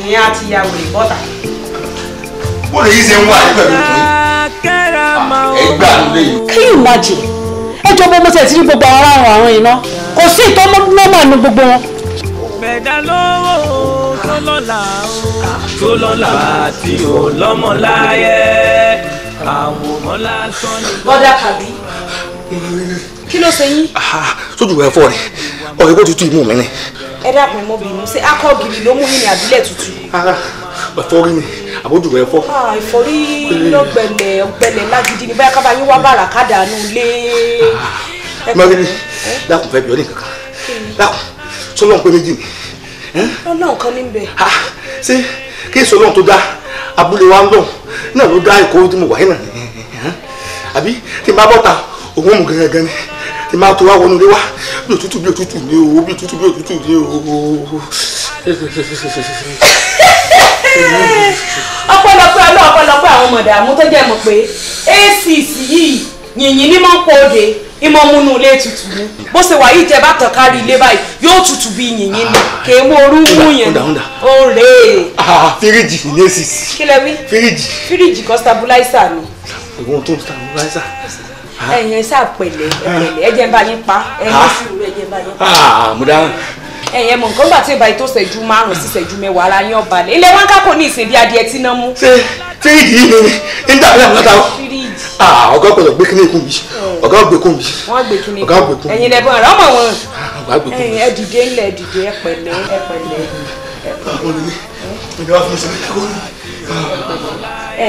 ìyá àti ìyàwó rẹ̀ bọ́ta. bó lè yí ṣe ń wà ní pẹ̀lú ìtọ́jú. Ah, ẹ gbà lóde yìí. can you imagine? ẹ jọ bọ́ mo tẹ̀ sí gbogbo àwọn aráàlú àrùn yìí kò sí ìtọ́nú nọ́mà nu gbogbo wọn. bẹ̀dá lọ́wọ́ tó lọ́la o tó lọ́la tí ò lọ́mọ láyé àwọn ọmọ lásán ni. bọ́dà kàbí kí ló ṣe yín. sójú ẹ fọ rẹ ọ̀rẹ́ kó tutù imú mi ni. ẹ dákun mo bínú ṣe akọgìrì ló mú yín ní àbílẹ̀ tutù. ẹ̀fọ́rí ni àbójú rẹ fọ́. ẹ̀fọ́rí ah, lọ́gbẹ̀lẹ̀ ọ̀gbẹ̀lẹ̀ lágídí ni báyà kábàáyé wá bàrà kádàánú lé mọ́gídí dákun fẹ́ bí ọ kankan dákun sọlọ́n pé méjì mi. ọlọ́run kan ní bẹ̀. ṣé kí sọlọ́n tó dá abúlé wa ń lọ náà ló dá ìkó tí mo wà yín náà nìyẹn àbí tí n bá bọ́ta òun mú gẹ́gẹ́ ni tí n bá tó wá wọnú ilé wa bí òtútù bí òtútù ni o bí òtútù bí òtútù ni o. ọ̀pọ̀lọpọ̀ ọlọ́ọ̀pọ̀lọpọ̀ àwọn ọmọdé tó jẹ́ mọ̀ pé acc yìí yìnyín ní máa ń pọ̀ òde ìmọ̀ múnú ilé tutù ni bó ṣe wà yìí jẹ bá tàn kárí ilé báyìí yóò tutù bí yìnyín ni ah, kè é mú orú mú yẹn ó rè é. Ah, fíríjì ní èsì sí. kí lẹ wí. fíríjì. fíríjì kan stabilizer ni. ìwọ̀n tó ń stabilizer ẹ̀yin ẹ pẹ̀lẹ́ pẹ̀lẹ́ ẹ bá yín pa ẹ̀yin sùúrù ẹ jẹ́ n bá yín pa. Ah. mo dáhùn ẹ̀yẹ mọ̀ nǹkan gbà tí ìbá yìí tó ṣẹ́jú márùn sí ṣẹ́jú mẹ́wàá ara yín ọba lẹ̀ ilé wọn kákò ní ìsìn bí adìẹ tí náà mú. ṣé fíríjì yìí ni nígbà tí àwọn táwọn. fíríjì. ọ̀gá gbọ́dọ̀ gbé kíní ikú mi oh. ọ̀gá gbé kún mi. wọ́n gbé kíní ikú ẹ̀yin lẹ́bọn rẹ̀ ọmọ wọn. ọ̀gá gbé kún mi. ẹ dìde ńlẹ̀ dìde ẹ pẹ̀lẹ́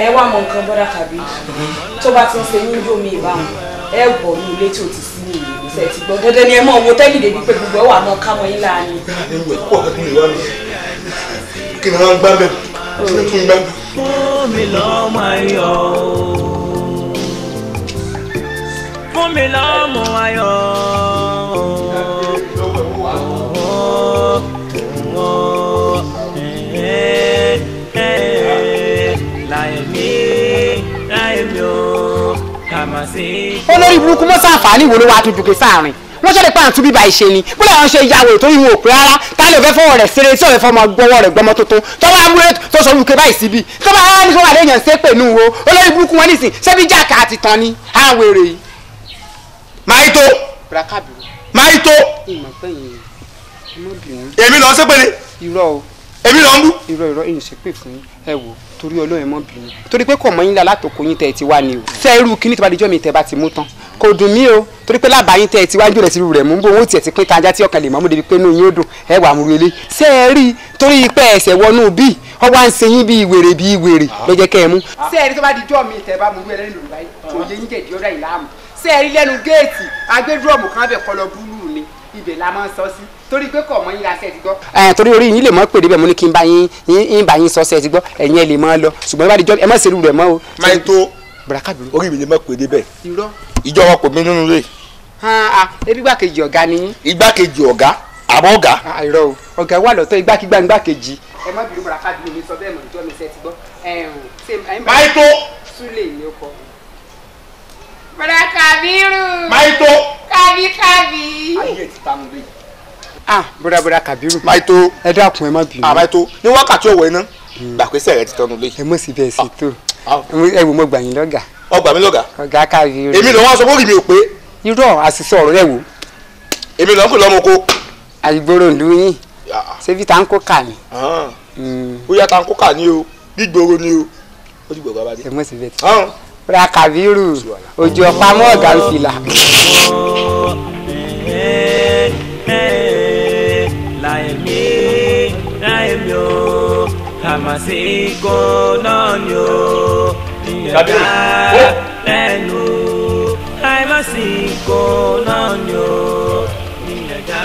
ẹ wá mọ nǹkan bọ́dà tàbí tó bá ti ń ṣe yín yóò mi ìbámu ṣe ti gbọ́ dandan ni ẹ mọ̀ wo tẹ́lẹ̀ débi pé gbogbo ẹ wà ká mọ́ yín láàánú. ẹnu ẹ kó àdúgbò ìwà mi kí ni wọn gbá bẹ kí tún gbá bẹ. fún mi lọ́mọ ayọ̀ fún mi lọ́mọ ayọ̀. burúkú mọ́sá àǹfààní wo ló wá tó jùkẹ́ sáàrin wọ́n ṣẹlẹ̀ pé àǹtú bíbá ìṣe ni bóyá àwọn ṣe ìyàwó ètò ìwọ̀n òpè rárá táyà lè fẹ́ fọwọ́ rẹ̀ ṣeré tí òun fọmọ gbọ́wọ́ rẹ̀ gbọ́mọ tuntun tọ́wọ́ amúlẹ̀ tó sọ wípé báyìí síbi tọ́wọ́ ara ní sọ́wọ́ àdéhùn ṣe pè nù wo olórí burúkú wọn nìsín ṣebí jáàkà àti tán ni àwọn èrè yìí. máyì tó máyì tó èmi lọ ṣépè ni èmi lọ ń bú. irọ́ irọ́ èyí ṣépè fún ẹ wò torí Ọlọ́run mọ́ bínú torí pé kò mọ́ yín lá látòkò yín tẹ̀ ẹ ti wá ni o. fẹ́ irú kíní tó bá dijọ́ mi tẹ́ bá ti mú tán kò dùn mí o torí pé lábàáyín tẹ ẹ ti wájú rẹ ti rú rẹ mú bó owó tiẹ̀ ti pín kájá tí ọkàn lè mọ́ débi pé inú yín ó dùn ẹ wà mú relé ṣé ẹ rí i torí pé ẹsẹ̀ wọnú bí ọ wá ń ṣe yín bí ìwèrè bí ìwèrè ló jẹ́ kẹ́ ẹ mú. ṣé ẹ rí tó bá di jọ́ mi ìtẹ̀ bá mú wí ẹlẹ́nu lòlá yìí kò yé yín jẹ̀dí ọ̀rẹ́ ìlàmù ṣé ẹ rí lẹ́nu géètì agbẹ́dúrọ̀mù kan bẹ̀ kọlọ búlù ni ibẹ̀ la máa ń sọ sí torí pé kọ̀ mọ́ yín aṣẹ́ ti gbọ́. ẹ torí orí yín lè mọ pé débẹ̀ mo ní kí n bá yín bá yín sọ ṣẹ́ ti gbọ́ ẹ̀yin ẹ lè máa lọ ṣùgbọ́n bá di jọ́ ẹ má ṣerú rẹ̀ mọ́ o. máa ń tó barakabiru. orí mi lè má pè é débẹ̀. irọ́. ìjọ wa kò mí nínú rẹ̀. ebi igbákejì ọ̀gá ni. igbákejì ọ̀gá àmọ́ ọ̀gá. irọ́ o ọ̀gá wà lọ́tọ̀ igbákigbá igbákejì. ẹ má bínú barakabiru mi sọ bẹ́ẹ̀ mọ̀ níjọ́ mi sẹ́ ti gbọ́. maito. súlẹ̀ ni ó kọ. barakabiru. maito. kábíkábí. ayé ti ta mi bẹ́ẹ̀ ah bùràbùrà kàbírù. maito ẹ dákun ẹ má bínú. àbáyé tó ní wákàtí òwe náà gbàgbésẹ̀ rẹ ti tọ́nu lé. ẹ mọ̀ sí bẹ́ẹ̀ sí ah. tó ẹ wò mo gbà yín lọ́gà. ọgbà mi lọ́gà. ọ̀gá káàkiri. èmi ló wá sọ fún mi ò pé. irọ́ àṣìṣe ọ̀rọ̀ rẹ̀ wò. èmi ló kò lọ́mọ ko. àìgboro ìlú yín ṣébi tá n kà ní. ó yá tá kà ní o gbígboro ni o. ó ti gbọ̀gbọ́ abájẹ́. ẹ mọ̀ tí. Ah. ra kàbírù ojú ọ̀pá mọ́ ń fìlà. kàmásí kó náà ni o ìyẹ̀dá lẹ́nu àìmásí kó náà ni o ìyẹ̀dá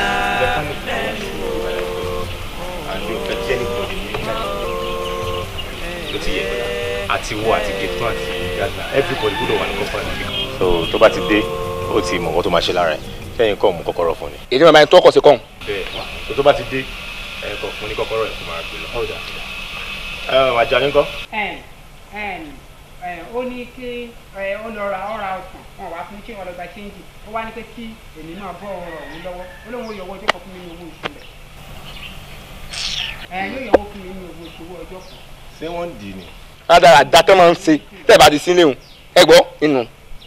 lẹ́nu o. àti wo àti gẹ̀tọ́ àti gàdá everybody gbọ́dọ̀ wà ní kọ́fà nìkan. so tó bá ti dé ó ti mọ̀ nǹkan tó máa ṣe lára ẹ̀ sẹ́yìn kọ́ mú kọ́kọ́rọ́ fún ni. èdè màmá yẹn tọkọ sí kọ́hún. bẹ́ẹ̀ tó tó bá ti dé ẹ kọ fún ní kọ́kọ́rọ́ yẹn kó máa gbé lọ àjàní ńkọ́. ó ní kí ó lọ ra ọ̀ra ọ̀sán wọn wá fún ṣé wọn lọ gba ṣéǹjì ó wá ní pé kí èmi náà bọ́ ọ̀rọ̀ òun lọ́wọ́ ó lóun ó yọwọ́ ọjọ́ kan fún mi ní owó oṣù rẹ̀ yóò yọwọ́ fún mi ní owó oṣù owó ọjọ́ kan. ṣé wọ́n dì ní. rádaràda tó máa ń ṣe tẹ́ bá ti sílé òun ẹ gbọ́ inú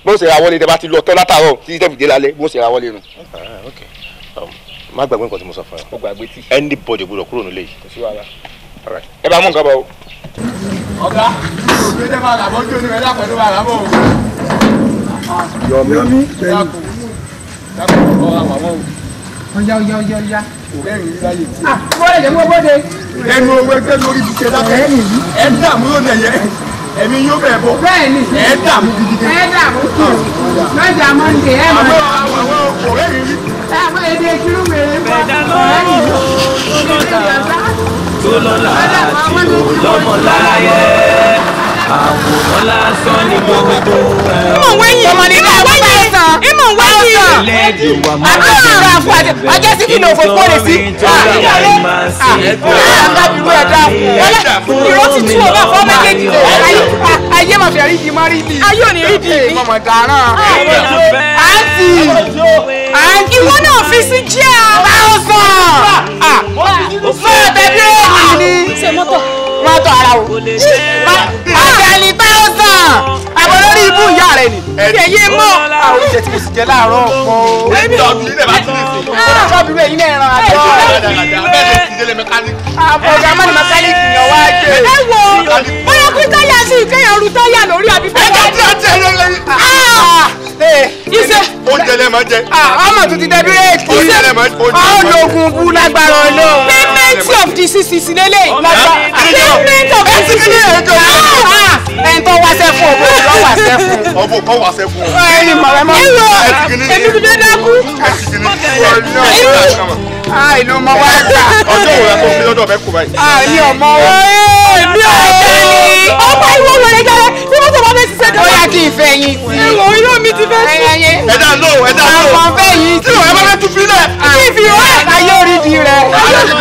bó ṣe ra wọlé tẹ́ bá ti lọ tọ́ látàárọ̀ títí tẹ́ fi dé lálẹ́ bó ṣe ra wọlé nù. Ah, um, má gbàgbé nǹkan tí mo sọ fún ẹ. mo gbàgbé tí. anybody gbọdọ̀ kúrò nílé yìí. kò sí wàhálà ẹ bá mú nǹkan bọ̀ o. ọ̀gá òkè tẹ́ máa làbọ́ jó ni ẹ dàpọ̀ ló máa làbọ̀ o. yọmi yọmi bẹ́ẹ̀ni. dàpọ̀ ọ̀ àwàmọ́ o. ọ̀ya ọ̀ya ọ̀ya ọ̀ya. bẹ́ẹ̀ni yíyá yìí. ah wọ́n lè mú owó de. ẹnu owó ẹgbẹ́ lórí ti ṣe dákẹ́ ẹ dààmú ló nẹ̀yẹ ẹ̀mí yóò bẹ̀ bọ̀. bẹ́ẹ̀ni ẹ dààmú gidigidi. ẹ dààmú kù lọ́jà mọ́ndé ẹ mọ̀. àwọn àwọn ọkọ̀ ẹ̀ tó lọ́lá àti olọ́mọ láyé àwòrán lásán ni gbogbo ẹ̀. ọmọ wẹ́yìn ọmọ nígbà wẹ́yìn ń wá sí i àbúrò àfọ àti ọjọ́ sí kí ni òfófó rẹ̀ sí àgbàbìrú ẹ̀dá ìrọ́sì tí o bá fọ́ méjèèjì ayé máa fi àríjì máa rí di ayé ò ní rí di mọ̀mọ̀ dáná àǹtí àǹtí ìwọ náà fi sí jẹ́ àwọn ọ̀sán fẹ́ẹ̀bẹ̀bí àní mọ́tò ara o àjẹlí táwọn sàn lórí ibú ìyá rẹ ni yẹyẹ mọ. àwọn oúnjẹ tí mo sì jẹ láàárọ̀ kan. ẹbí ọdún ilé bá ti lè sè. ṣọ́ọ̀bù rẹ̀ yín náà ràn àjọ. bẹ́ẹ̀ ti délé mẹkáníìkì. àbọ̀dà mọ́ni mẹkáníìkì yàn wá jẹ. ẹ wo bóyá kú táyà sí ìkéyàn ru táyà lórí àbí. ẹ jẹ́ kí a tẹ̀ lórí. Ah! iṣẹ́ eh, oúnjẹ lẹ máa jẹ. ọmọ tó ti dẹbi rẹ́ẹ̀kì oúnjẹ lẹ máa jẹ. àwọn ológun bú lágbára ọlọ. payment of the ccc lélẹ̀. payment of the ah, ccc. Ah. ẹni tó wá sẹ́fún ọ̀bọ̀ ló wá sẹ́fún. ọ̀bọ̀ kọ́ wá sẹ́fún. ẹni mọ̀rẹ́ mọ́. ẹ̀rọ èmi kò dé dákú. ìlú mọ wá gbà. ọjọ́ wo la tó fi lọ́dọ̀ bẹ́ẹ̀ kú báyìí. àní ah, ọmọ wa. èmi ò ọmọ ìwọ wọlé gẹ́gẹ́ bí wọ́n sọ wọ́n fẹ́ ṣiṣẹ́ dọ́wọ́. ó yà kí ìfẹ́ yín àwọn ọbẹ̀ yìí ti rẹ̀ bá tún filẹ̀. kí n fi wá ayé orídi rẹ̀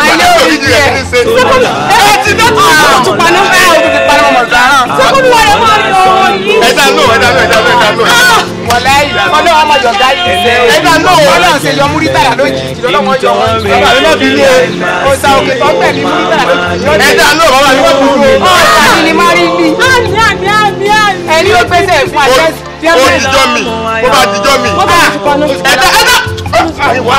ayé orídi rẹ̀. ẹ ti dẹ́ tó àwọn tó paná ẹ ò tètè paná ọmọ sàárà. sọ́kùnrin wa ló máa lọ ọmọ yìí. ẹ dá lóò ẹ dá lóò ẹ dá lóò ẹ dá lóò. wọlé wọlé wa máa jọ̀gá yìí. ẹ dá lóò wọlé ọ̀sẹ̀ yọ múrítàlá lójijì lọ́wọ́ jọ wọn. bàbá mi máa fi lé e. ọ̀sà òkè tó ń tẹ̀lé múrítàlá lójijì. ẹ dá lóò bàbá mi máa fi lé e. ọ̀sà mi ni má rí bí. àmì àmì àmì àmì. ẹni ló gbé ó dijọ́ mi ó bá dijọ́ mi ẹ̀dá ẹ̀dá àìwá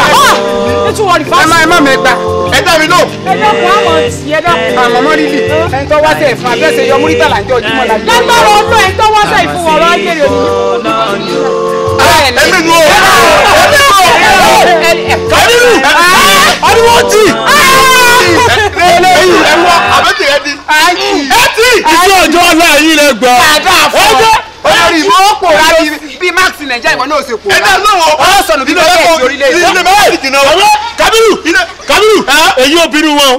ẹ̀má ẹ̀má mẹ́ta ẹ̀dá mi náà. ẹ̀dá kò àmọ̀ sí ẹ̀dá kò. àmọ̀ mọ́ rírì ẹni tó wá sẹ̀ fún abẹ́sẹ̀ yọ múrítà làǹjọ́ ojúmọ́ la. lágbára ọlọ́ ẹni tó wá sẹ̀ fún ọ̀rọ̀ ayére mi. ẹ̀mí nu o ẹ̀mí nu o ẹ̀mí nu ọdún wọn jì eléyìí ẹ̀wọ̀n àbẹ̀tẹ̀ ẹ̀dí ẹ̀tì ìṣe ọjọ́ ọlá yìí lẹ gbọ́ ọjọ́ olórí ìlú ó pòórá bíi max nàìjíríà ìwọ náà ó ṣe pòórá. ẹ dá lóhùn ọ̀rọ̀ sọnù bíi bẹ́ẹ̀ orílẹ̀-èdè. ilé mẹ́wàá yìí jìnnà ọ̀rọ̀ Kábírù Kábírù èyí obìnrin wọn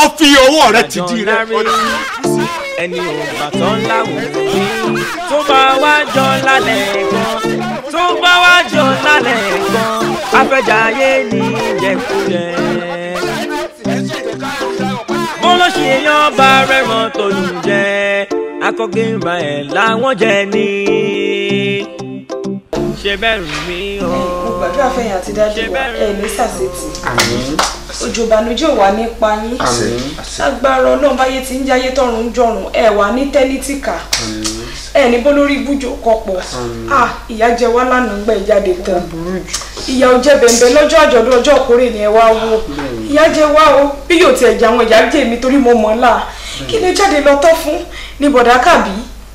ọ fi owó rẹ ti di rẹ. ẹni ògbà tó ń láwùjọ tó bá wá jọ lálẹ́ gan tó bá wá jọ lálẹ́ gan afẹ́jáyé ní ìjẹkújẹ. mo lọ ṣèyàn bá rẹ̀ mọ́ tòlù jẹ́ akọ́gbìnmá ẹ̀ làwọn jẹ ní. ṣe bẹ́rù mi o. mo gbàdúrà fẹ́yìn àti dájú wa ẹ̀ ní sàṣetì. òjò ìbànújẹ́ wà nípa yín. agbára ọlọ́run báyé ti ń jáyé tọ̀run ń jọ̀run ẹ̀ wà ní tẹ́lítìkà ẹ ní bó lórí ibùjọ kọpọ ah ìyá jẹ wá lánàá gbẹ ìjáde tán ìyá ò jẹ bẹ̀m̀bẹ̀ lọ́jọ́ àjọ̀dún ọjọ́ òkúrè ni ẹ wá wò ìyá jẹ wá o bí yóò tiẹ̀ jẹ àwọn ìyá jẹ mi torí mo mọ̀ ọ́n là kí lè jáde lọ tán fún Ni bọ̀dá kàbí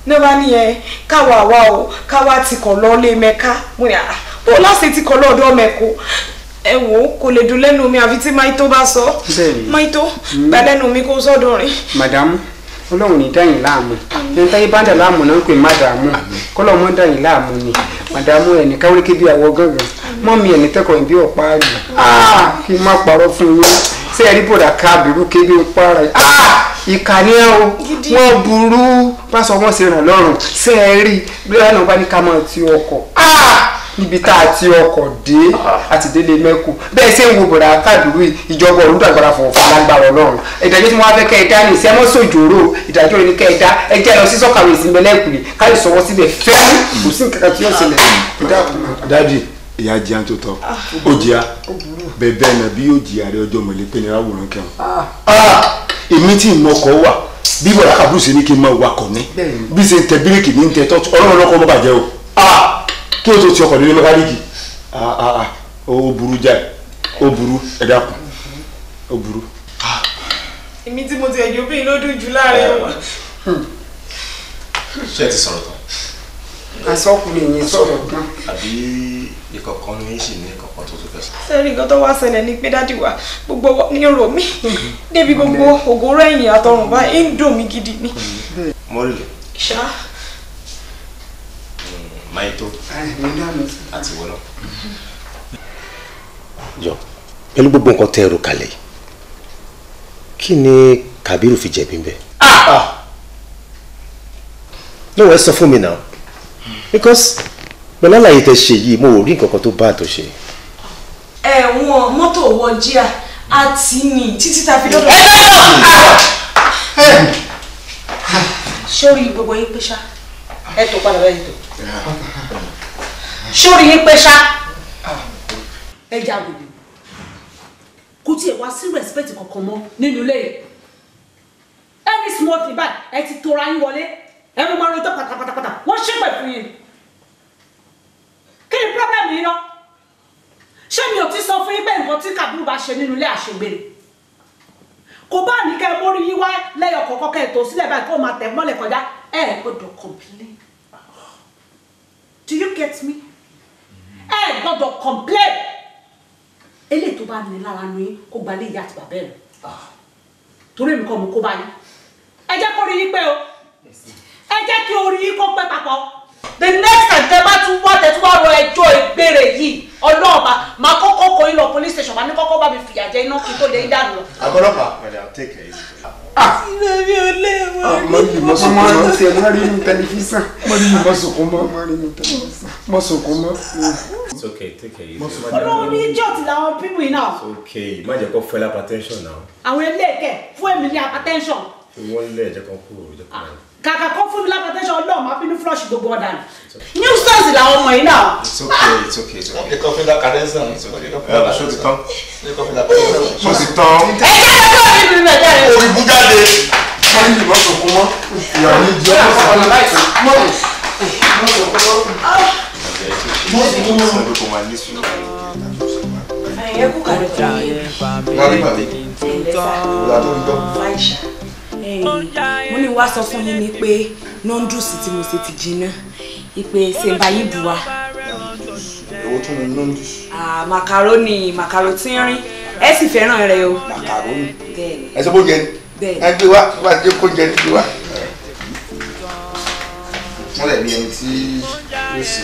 ní bá nìyẹn káwa àwa o káwa ti kàn lọ lé mẹ́ka mo ní àá ah, bó láti ti kàn lọ́ọ̀dọ́ mẹ́ko ẹ wò ó kò lè dùn lẹ́nu mi àfi tí maito bá sọ maito mm. gbà lẹ́nu mi kó sọ́dọ̀ rìn. madam ọlọ́run ní dáyìn láàmú ní táyé bá láàmú náà ń pè mádàmú kọ́lọ́ dáyìn láàmú ni mádàmú ẹ̀ ní káwéréké bí àwọ̀ gángan mọ́mí ẹ̀ ní tẹ́kọ̀ọ́ bí ọ̀pá àgbà kí n má parọ́ fún yín ṣé ẹ rí bòdà ká kébí ń para yìí ìkànnì ẹ o wọn burú pásọ wọn ṣe ràn lọ́rùn ṣé ẹ rí bí ẹ náà bá ní ká máa ti ọkọ̀ ibi tá a ti ọkọ̀ dé ah. àti délé mẹ́kù bẹ́ẹ̀ ṣé ń wo bọ̀dà kádùrú ìjọba ọ̀run dàgbàrà fún ọ̀fọ̀ lágbára ọlọ́run ìdájọ́ tí wọ́n á fẹ́ kẹ́ ẹ dá ní ìṣẹ́ mọ́ sòjòrò ìdájọ́ ni kẹ́ ẹ dá ẹ jẹ́ lọ sí sọ́kàwé ìsinmẹ́lẹ̀ ìkùlé káyọ̀ sọ̀rọ̀ síbẹ̀ fẹ́ kò sí nǹkan kan tí yóò ṣẹlẹ̀. dádì ìyá jẹun tó tọ ó jìyà bẹbẹ náà bí yóò jìyà rẹ ọjọ́ mọlẹ pé ní ráwòrán kẹwọn ah. ah, èmi tí ìmọkọ wà bí bọ̀dà kábùrù ṣe ní kí n máa wakọ̀ ní bí ṣe ń tẹ bíríkì ní ń tẹ tọ́ ọlọ́run kí o tó ti ọkọ̀ nílé mẹkáníìkì ó burú jáì ó burú ẹ dákun ó burú. èmi tí mo ti ẹ̀jọ́ bí lódún jù láàrin wọn. ṣé ẹ ti sọ̀rọ̀ tán. àsọkùnrin yẹn sọ̀rọ̀ tán. àbí ìkọ̀kan ní í sì ní ìkọ̀kan tó tó fẹ́ sọ. sẹ́rí nǹkan tó wá ṣẹlẹ̀ ni pé dádì wa gbogbo ní rò mí débi gbogbo ògóró ẹ̀yìn àtọrùn bá ń dùn mí gidi ni. mọ́rìlẹ̀. ṣáá máa eh, tó àti wọ́n náà. yọ pẹ̀lú gbogbo nǹkan tẹ́ ẹrù kalẹ̀ yìí kí ni Kabiru fi jẹ̀bi ń bẹ̀. lọ́wọ́ ah! ah! ẹ sọ fún mi náà because pẹ̀lú àlàyé tẹ ṣe yìí mo ò rí nǹkan kan tó bá àtúnṣe. ẹ̀wọ̀n mọ́tò wọ jíà àti ní títí tá a fi dọ́dọ̀. Eh, eh, ṣé o rí gbogbo yín pé ṣá ẹ tó padà bẹ́ẹ̀ tó sórí yín pé ṣá ẹ jà wòlé kò tiẹ̀ wá sí respect kankan mọ́ nínú ilé yìí any small thing báyìí ẹ ti tora yín wọlé ẹ mú máa rojọ́ pátápátápátá wọ́n ṣépè fún yín kí ni problem yìí náà ṣé mi ò ti sọ fún yín pé nǹkan tí Kábírù bá ṣe nínú ilé àṣegbèrè kò bá ní kẹ́ ẹ mórí yín wá lẹ́yọ̀ kọ̀ọ̀kan kẹ́ tó sílẹ̀ báyìí kó máa tẹ̀ mọ́lẹ̀ kọjá ẹ ẹ gbọ́dọ̀ kọ̀m̀pílẹ̀ do you get me ẹ don't complain eléyìí tó bá ní lára ní kó gbalé ìyá àti bàbá ẹ lọ ah. torí èmi kọ́ mo kó báyìí ẹ jẹ́ kó rí yín pé o ẹ jẹ́ kí orí yín kó pẹ́ papọ̀ the next time tẹ bá tún wá tẹ tún wá rọ ẹjọ́ ìgbére yìí ọlọ́ọ̀bà máa kọ́kọ́ kọ́ yín lọ police station máa ní kọ́kọ́ bá mi fìyà jẹ iná kí n tó lè dànù lọ. àgọ́lọ́pàá pẹ̀lú àtẹ̀kẹ́ yìí it's okay take it easy. olórí idiot làwọn pípù yìí náà. it's okay má jẹ́ kó fẹ́ lápá tẹ́ńsọ̀n náà. àwọn ilé ìkẹ́ fún èmi ní apá tẹ́ńsọ̀n. wọ́n lé ẹ̀jẹ̀ kan kúrò ìjọba náà kàkà kọ́ fún mi lápẹtẹ́sẹ̀ ọlọ́run máa fi flush gbogbo ọ̀dà ni new stars làwọn ọmọ yìí náà. it's okay it's okay it's okay. wọ́n ti kọ́ fílà kàdẹ́sán. ṣó ti tán ṣó ti tán. ẹ jẹ́ ẹ lọ́wọ́ mi bí mi ẹ̀jẹ̀ rẹ̀. orí bújáde wọ́n ní ìbọn tó kún mọ́ ìyàwó ní ìjọ ọ̀sán mọ́ ẹ̀yẹ kúkà ló ti rí. wọ́n rí bàbá. ìlẹ̀fà mo ní wá sọ fún yín ni pé nọ́ńdùsì tí mo ṣe ti jiná ìpè ṣèǹbáyé bùwá. èwo tún ni nọ́ńdùsì. màkàrónì màkàró tí ń rín ẹ sì fẹ́ràn o. màkàrónì ẹ sọ bó jẹ ni ẹ gbé wá wá jẹ kó jẹ gbé wá. wọ́n lẹ̀ ní ẹni tí yóò sì.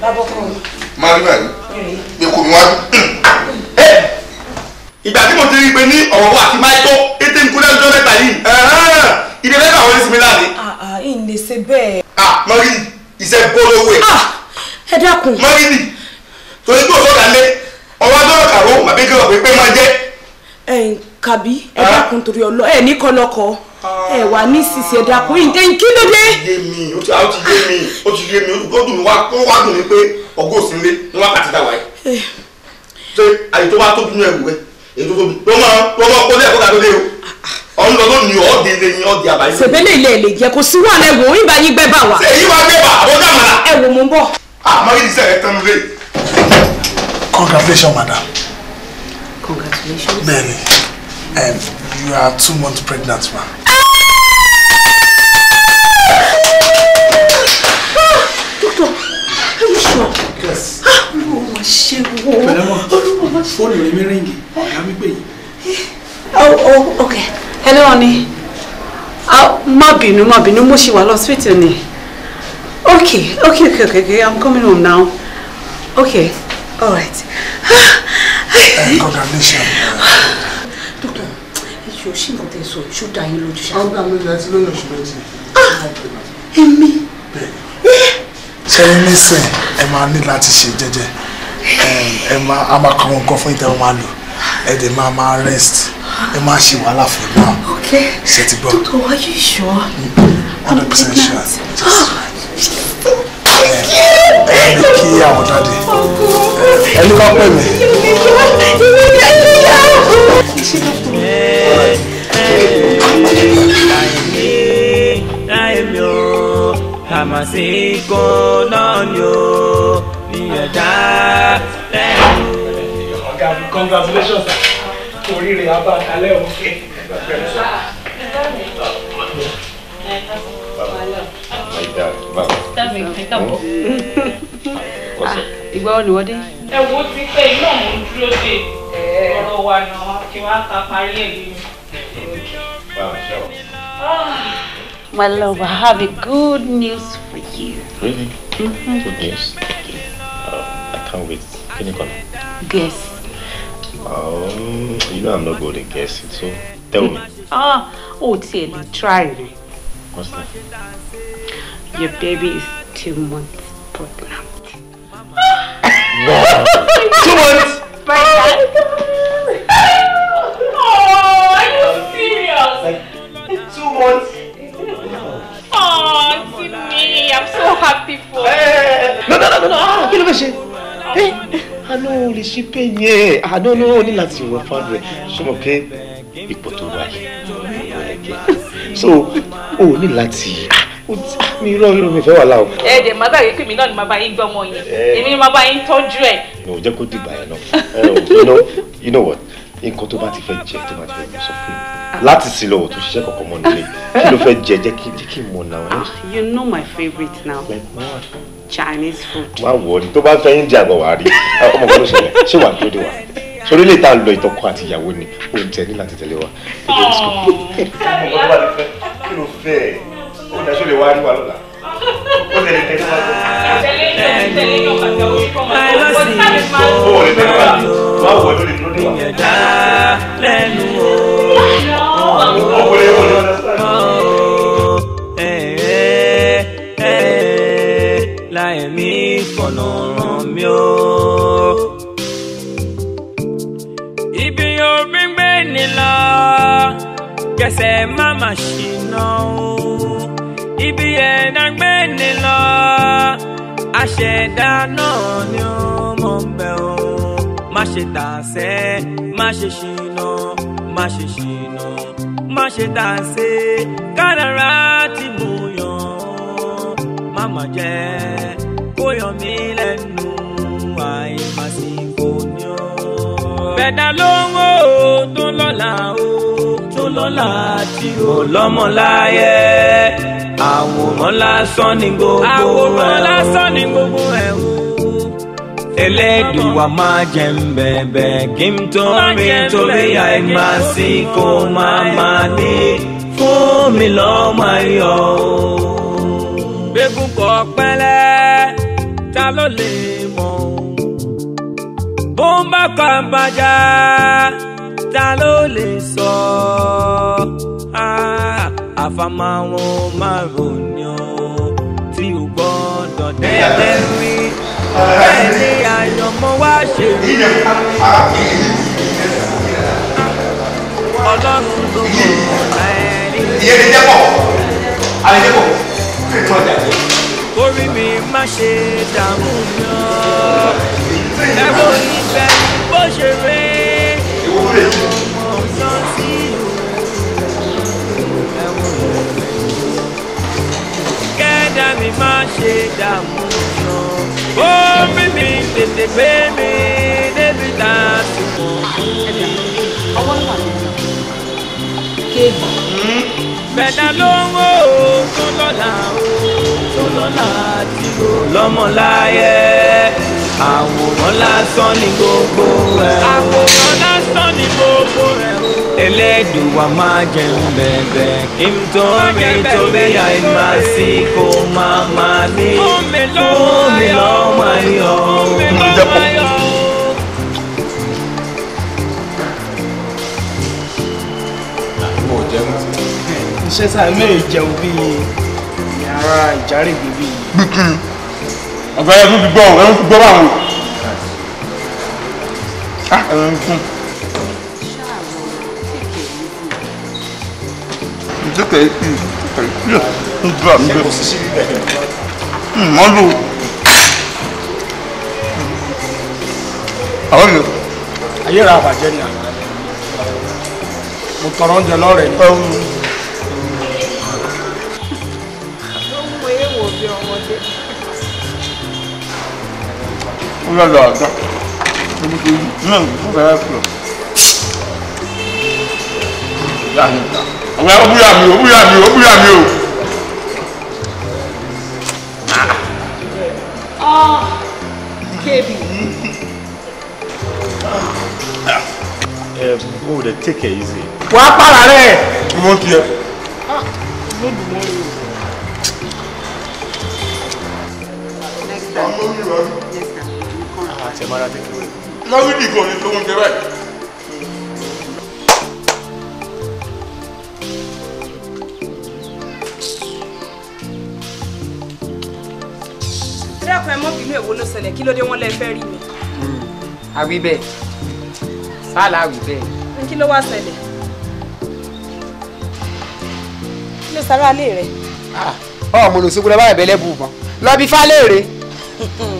bábọ́ kọ́ mi. máa rí báyìí mi kò mú wá ìgbà tí mo ti rí i pé ní ọ̀rọ̀ wa àti máa ètè ń kú lẹ́jọ́ mẹ́ta yìí ìdè fẹ́ kàwé sí mi láàrin. ìyìn lè ṣe bẹ́ẹ̀. mọ́rìnì iṣẹ́ gbólówó ẹ̀. ẹ dákun. mọ́rìnì torí pé òṣòkà lé ọwọ́ adọ́rọ̀ kàró màbí kí ọ̀pẹ pé máa jẹ́. ẹ kàbí ẹ dákun torí ọlọ ẹ ní kọlọkọ ẹ wà ní ìsinsìn ẹ dákun ìdè kí ló dé. yé mi ó ti yé mi ó ti yé mi ó dùn mí wá ó wá dùn mí pé ọgọ́ òsínlé ní wákàtí dáwà yìí. Eh. ṣé àyè tó bá tóbi nínú ẹ̀wù rẹ̀ èyí tó tóbi tó máa tó máa kó lẹ́ẹ̀kọ́ ọ̀nà lónìí ọ̀dẹ ilé yín ọ̀dẹ àbáyé. sèbélé ilé ilé jẹ kò sí wàhálà ẹwọ òyìn bá yín gbẹbà wá. èyí wàá gbẹbà àbọ̀dá àmàlà. ẹ wò mo ń bọ̀. àmọ́ yìí sẹ́yìn tán lé. congratulations madam. congratulations. bẹ́ẹ̀ni um, you are two months pregnant ma. doctor are you sure. yes. Ah, olúwa ma ṣe wo. pẹ̀lẹ́ mọ́ fóònù rẹ̀ mi ríngì ọ̀gá mi gbé yìí. Eh, oh oh okay hello honey má bínú má bínú mo ṣì wà lọ́sítì ni okay okay okay okay okay i'm coming home now okay all right. Eh, congratulations. doctor you should not ń so. You should da yín lójú ṣáà. ọgbà mi lẹ ti lóyún oṣù méjì. èmi. sẹ́yìn eh? nísìn ẹ máa ní láti ṣe jẹ́jẹ́ eh, ẹ máa a máa kọ́ wọn nǹkan fún ìtẹ́wọ́n máa rest ẹ máa ṣe wàhálà fún ẹ náà ṣe ti gbọ́. Doctor, are you sure? hundred percent sure. ẹ ní kí àwọn dáadé ẹ ní bá pẹ́ mi. Àmàsíkò náà ni ó Congratulations oríire abá alẹ́ òkè. ìgbà My love, I have a good news for you. Really? Mm-hmm. Good news? Yes. Uh, I can't wait. Can you call? Yes. Um, you know I'm not going to guess it, so tell me. Ah, oh, Tilly, e try it. What's that? Your baby is two months pregnant. Wow. two months? Pregnant. Oh, are you serious? Like, two months? Oh, Tilly, I'm so happy for you. Eh. No, no, no, no, no. Ah, kí ló fẹ́ ṣe? Eh àná ò lè ṣe pé yẹn àná ló ní láti wọ fáwọn rẹ sọmọ pé ipò tó wà so o ní láti ah, mi irọ́ irọ́ mi fẹ́ wà láwọ. ẹ dẹ̀ má gbàgbé pé mi náà ni màá bá yín gbọ́ ọmọ yẹn eh. èmi ni màá bá yín tọ́jú mi ò jẹ́ kó dìgbà yẹn eh, náà you know what nǹkan tó bá ti fẹ́ jẹ tó bá ti fẹ́ mú sọ fún mi láti sí lọ́wọ́ tó ṣiṣẹ́ kankan mọ́ nílé kí ló fẹ́ jẹ jẹ́ kí n ah, you know my favourite now. Chinese food. má wọ ni tó bá fẹ́ India bọ̀ wá rí ọmọ kan ló ṣẹlẹ̀ ṣé wà lóde wa sórí lè ta lọ ìtọ́kọ àti ìyàwó ni ó ń tẹ ní láti tẹ̀lé wa. ọmọ tó bá ti fẹ́ kí ló fẹ́ ó dáṣọ́ lè wá rí wa lọ́la ó tẹ̀lé tẹ̀lé wa. tẹ̀lé tẹ̀lé náà pàtàkì ó kọ́ máa ń bọ̀ ó tẹ̀lé máa ń bọ̀. ṣe tàsẹ́ má ṣe ṣìnà má ṣe ṣìnà má ṣe tàsẹ́ kádàrá tí mo yàn má mà jẹ́ kó yọ mí lẹ́nu àìmásìkò ni ó. bẹ̀dá ló ń wò ó tó lọ́la ó tó lọ́la tí ó lọ́mọ láyé àwòrán lásán ni gbogbo ẹ̀ o. Elédùwà máa jẹ ń bẹ̀bẹ̀ kí n torí torí àìmásíkò máa máa ní fún mi lọ́mọ ayọ̀. Gbégún kọ pẹ́lẹ́, ta ló lè mọ̀? Bó ń bá pàǹpàjà, ta ló lè sọ? Ah, àfàmàwọn márùn-ún ni ó ti gbọ́dọ̀ dé. Ẹ̀yà lẹ́rìí bẹ́ẹ̀ ni àyànmọ́ wá ṣe mí. ọlọ́run ló mọ̀ ẹni. ìyẹn ti jẹ́ pọ̀ àlejò pọ̀ kí ni wọ́n jà jẹ́. orí mi má ṣe dààmú mi ọ́ ẹ wo ìfẹ́ bó ṣe rí ìwúrí mi má ṣe dààmú ó bí mi tètè gbé mi débi tá a ti mọ̀. ọwọ́ náà kéèkì. bẹ̀dá ló ń wò ó tó lọ́la ó tó lọ́la tí kò lọ́mọ láyé àwòrán lásán ni gbogbo rẹ̀ o. àwòrán lásán ni gbogbo rẹ̀ o. Elédùwà máa jẹun bẹ̀bẹ̀ kí n tó mi torí àìmásí kó máa máa ní kó mi lọ. sà ẹ mẹ́rin jẹun bí yàrá ìjárègbè bí. bíkiri ọ̀gá ẹ̀rú ti gbọ́ ẹ̀rú ti gbọ́ báwọn. ẹ̀rú ń kún. ìdókè ìpè ìpè ń gbà mí bẹ́ẹ̀. mọ́lù. Hmm, àwọn ènìyàn. ayé ra àbàjẹ́ ni àná mo tọrọ oúnjẹ lọ́rẹ̀ẹ́ ni. ó lọ lọ àdá níbi tó yí náà ó fẹ́rẹ́ pọ̀ àwọn ọbúra mi ọbúra mi ọbúra mi o. kébì. ẹ bó o dẹ take it easy. wàá pààrà rẹ̀. mo ti yẹ. lódùmọ̀ rẹ̀. mara kékeré. láwídì gan ni tó ń jẹ báyìí. dákun ẹ mọ bínú èwo ló ṣẹlẹ̀ kí ló dé wọ́n lẹ fẹ́ rí mi. àwí hmm, bẹ́ẹ̀ sálà àwí bẹ́ẹ̀. kí ló wá ṣẹlẹ̀ kí ló sáré alé rẹ. ọ mo lò sókúlẹ̀ báyìí bẹ́lẹ̀ bù mọ́ lọ bí fálẹ̀ rè.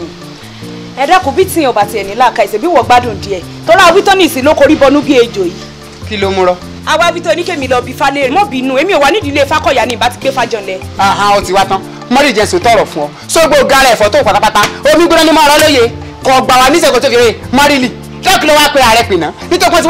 ẹ dákun bí tiyan ọba tiẹ̀ ní làákà ìṣèbí wọ̀ gbádùn díẹ̀ tọ́lá wítọ́nì ìsìn ló korí bọnú bí ejò yìí. kí ló mú rọ. àwa wítọ́ oníkèmí lọ bí falẹ̀ rẹ̀ mọ́ bínú èmi ò wá nídìí ilé fákọ̀yà ni ìbá ti gbé fájọlẹ̀. aha ó ti wá tán mọ́rì jẹ́sì tọrọ fún ọ sógbó gara ẹ̀fọ́ tó pátápátá omi gbóná ni mo rọ lóye kò gbà wá níṣẹ́gun tó fi rè mọ́rìlì lọ́ọ̀kì ló wá pe ààrẹ pè náà nítorí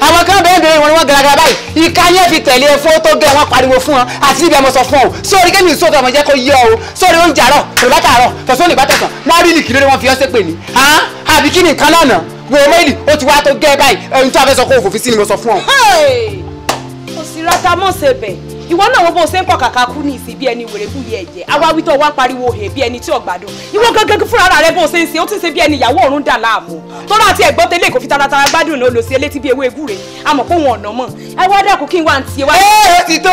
àwọn kan bẹ́ẹ̀ bẹ́ẹ̀ wọn ni wọ́n garagara báyìí ìka yẹn fi tẹ̀lé ẹ̀fọ́ tó gẹ̀ wọ́n pariwo fún wọn àti ibi àmọ̀sọ̀ fún ọ sórí kémi ìṣòtò ọmọ jẹ́ kó yẹ ọ sórí oúnjẹ àárọ̀ rògbàtà àárọ̀ tọ̀sán ìbátẹ̀sán wọ́n rí nìkì lórí wọn fi ọ́ sépè ní. àbí kí nìkan lọ́nà wo méèlì ó ti wá tó gẹ́ báyìí ẹni tó a fẹ́ sọ kó òfòfin sí ni mo sọ fún ọ. kò sí rata mọ́ ṣe bẹ̀ ìwọ náà wo bó ṣe ń pọ̀ kàkà kú ní ìsìn bí ẹni wèrè fún yẹ ẹ̀jẹ̀ àwa wí tó wá pariwo hè bí ẹni tí ọ̀gbàdo ìwọ gángan fúnra rẹ bó ṣe ń ṣe ó ti ṣe bí ẹni ìyàwó ọ̀run dà láàmú tọ́lá àti ẹ̀gbọ́n tẹ́lẹ̀ kò fi taratara gbádùn náà lò sí elétí bí ewé egúre àmọ́ kó wọn ọ̀nà mọ̀ ẹ wá dàkú kí n wá ń tiẹ̀ wá. ẹ ẹ ti tó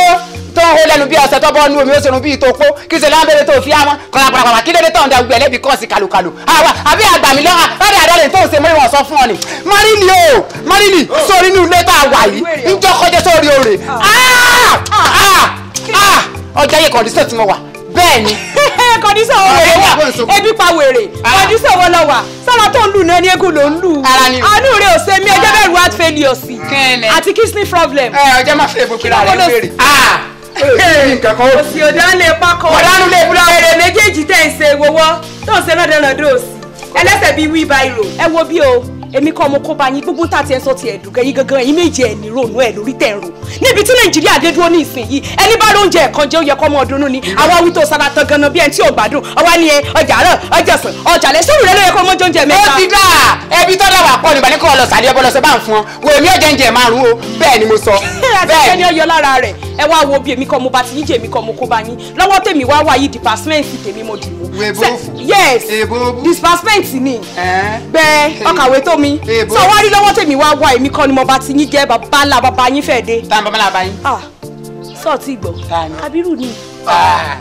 tó ń hó lẹ́nu bí ọ̀sẹ̀ tó bọ́ nú omi ó ṣerun bí ìtòkó kí ṣe lábẹ́rẹ́ tó fi àmọ́ kọ̀rọ̀kọ̀rọ̀ kí dédé tó ń da gbogbo ẹlẹ́bi kọ́ sí àwa àbí àgbà mi lọ́dẹ àdọ́lẹ̀ tó ń ṣe mọ́rí sọ fún ọ ni. Marini o Marini sórí inú ilé tá a wà yìí ń jọ kọjá sórí ah, ah, ah, ọjà yẹ kọ̀dísọ̀ tí mo wà bẹ́ẹ̀ ni. kọ̀dísọ̀ wo lè wà ebi pa wèrè kọ̀dísọ̀ wo lọ wà sára tó ń lù náà ní egun ló ń lù. àánú rẹ ò ṣe mí ẹjẹ bẹẹ ru heart failure sí. àti kidney problem. ẹ eh, ọjọ́ máa fi èbó pera rẹ fèrè òsì ọ̀dà lè pakọ̀ ọ̀dánù lè búra ẹ̀rẹ̀ méjèèjì tẹ̀ ń ṣe wọ́wọ́ tó ń ṣe náà dáná dé òsì ẹlẹ́sẹ̀ bíi wí báyìí ẹ wo bí o èmi kọ́ ọmọ kó bá yín gbogbo tá a ti ẹ sọ ti ẹ̀ dùn gẹ́yìn gangan ẹ̀yin méje ẹ̀ ní ronú ẹ̀ lórí tẹ̀ ń ro níbi tí nàìjíríà dé dúró ní ìsinyìí ẹni bá lóúnjẹ ẹ̀kan jẹ́ ó yẹ kọ́ ọmọ ọdún ní àwọn awító sára tán ganan bí ẹni tí ò gbádùn ọwọ́ ni ẹ ọjà rẹ̀ ọjà sàn ọjà lẹ̀ sóòrù rẹ̀ ló yẹ kọ́ ọmọ jọ́njẹ mẹ́ta. ó ti dà ẹbí tọ́lá wà pọ̀ nígbà ní kọ́ ọlọ́sàdé ọbọ̀lọ́sẹ̀ bá ń fún ọ wò èmi ọ̀jẹ̀ ń jẹ márùn-ún bẹ́ẹ̀ ni mo sọ. bẹ́ẹ̀ ni ó yọ lára rẹ̀ ẹ wá wo bí èmi kan mo bá ti yín jẹ́ èmi kan mo kó bá yín lọ́wọ́ tèmi wá wá yìí department tèmi mo dì mú. yes department ni bẹ́ẹ̀ ọkàwé tó mi sọ wá rí lọ́wọ́ tèmi wá wá èmi kan ni mo bá ti yín jẹ́ bàbá ńlá bàbá yín fẹ́ dé. tá n bàbá ńlá bàbá yín. Ah, sọ́ọ̀tì gbọ́ abirù ni ah.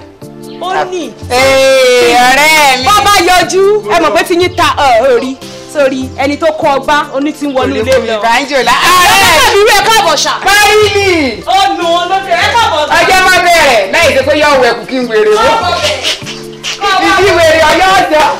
ó ní. ọ̀rẹ́ mi. bàbá yọjú ẹ mọ̀ pé ti yín ta ọ̀ọ́rí sórí ẹni tó kọ ọgbá oní ti ń wọnú ilé lọ. ìrànjọ́lá ààrẹ mi rẹ̀ káàbọ̀ ṣá. báyìí ni. ó nù ọ́ ló fi rẹ̀ káàbọ̀ ṣá. ọjọ́ má bẹ̀rẹ̀ láì ṣe pé yọ̀wọ̀ ẹ̀kú kí n wèrè wò. ìdí wèrè ọyọ́ ọ̀dọ́.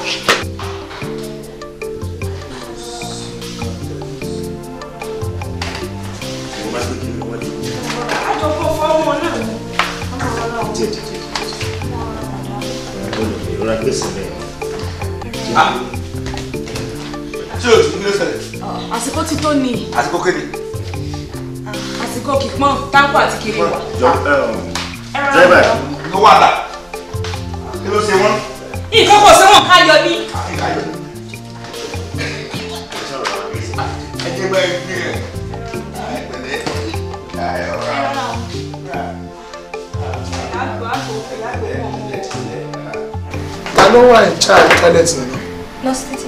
Ah tí o tún nílò àsìkò ti tó ni. àsìkò kéde. àsìkò kìpọ́n táǹkù àti kiri wà. jẹ́bẹ̀ ah, um, ló wà dà kí ló ṣe wọ́n. nǹkan kò ṣe wọn ká yọ ní. ẹ jẹ́ bẹ́ẹ̀ gbé ẹ̀ pẹ̀lẹ́ ẹ̀ ọ̀rọ̀. Ta ló wà in charge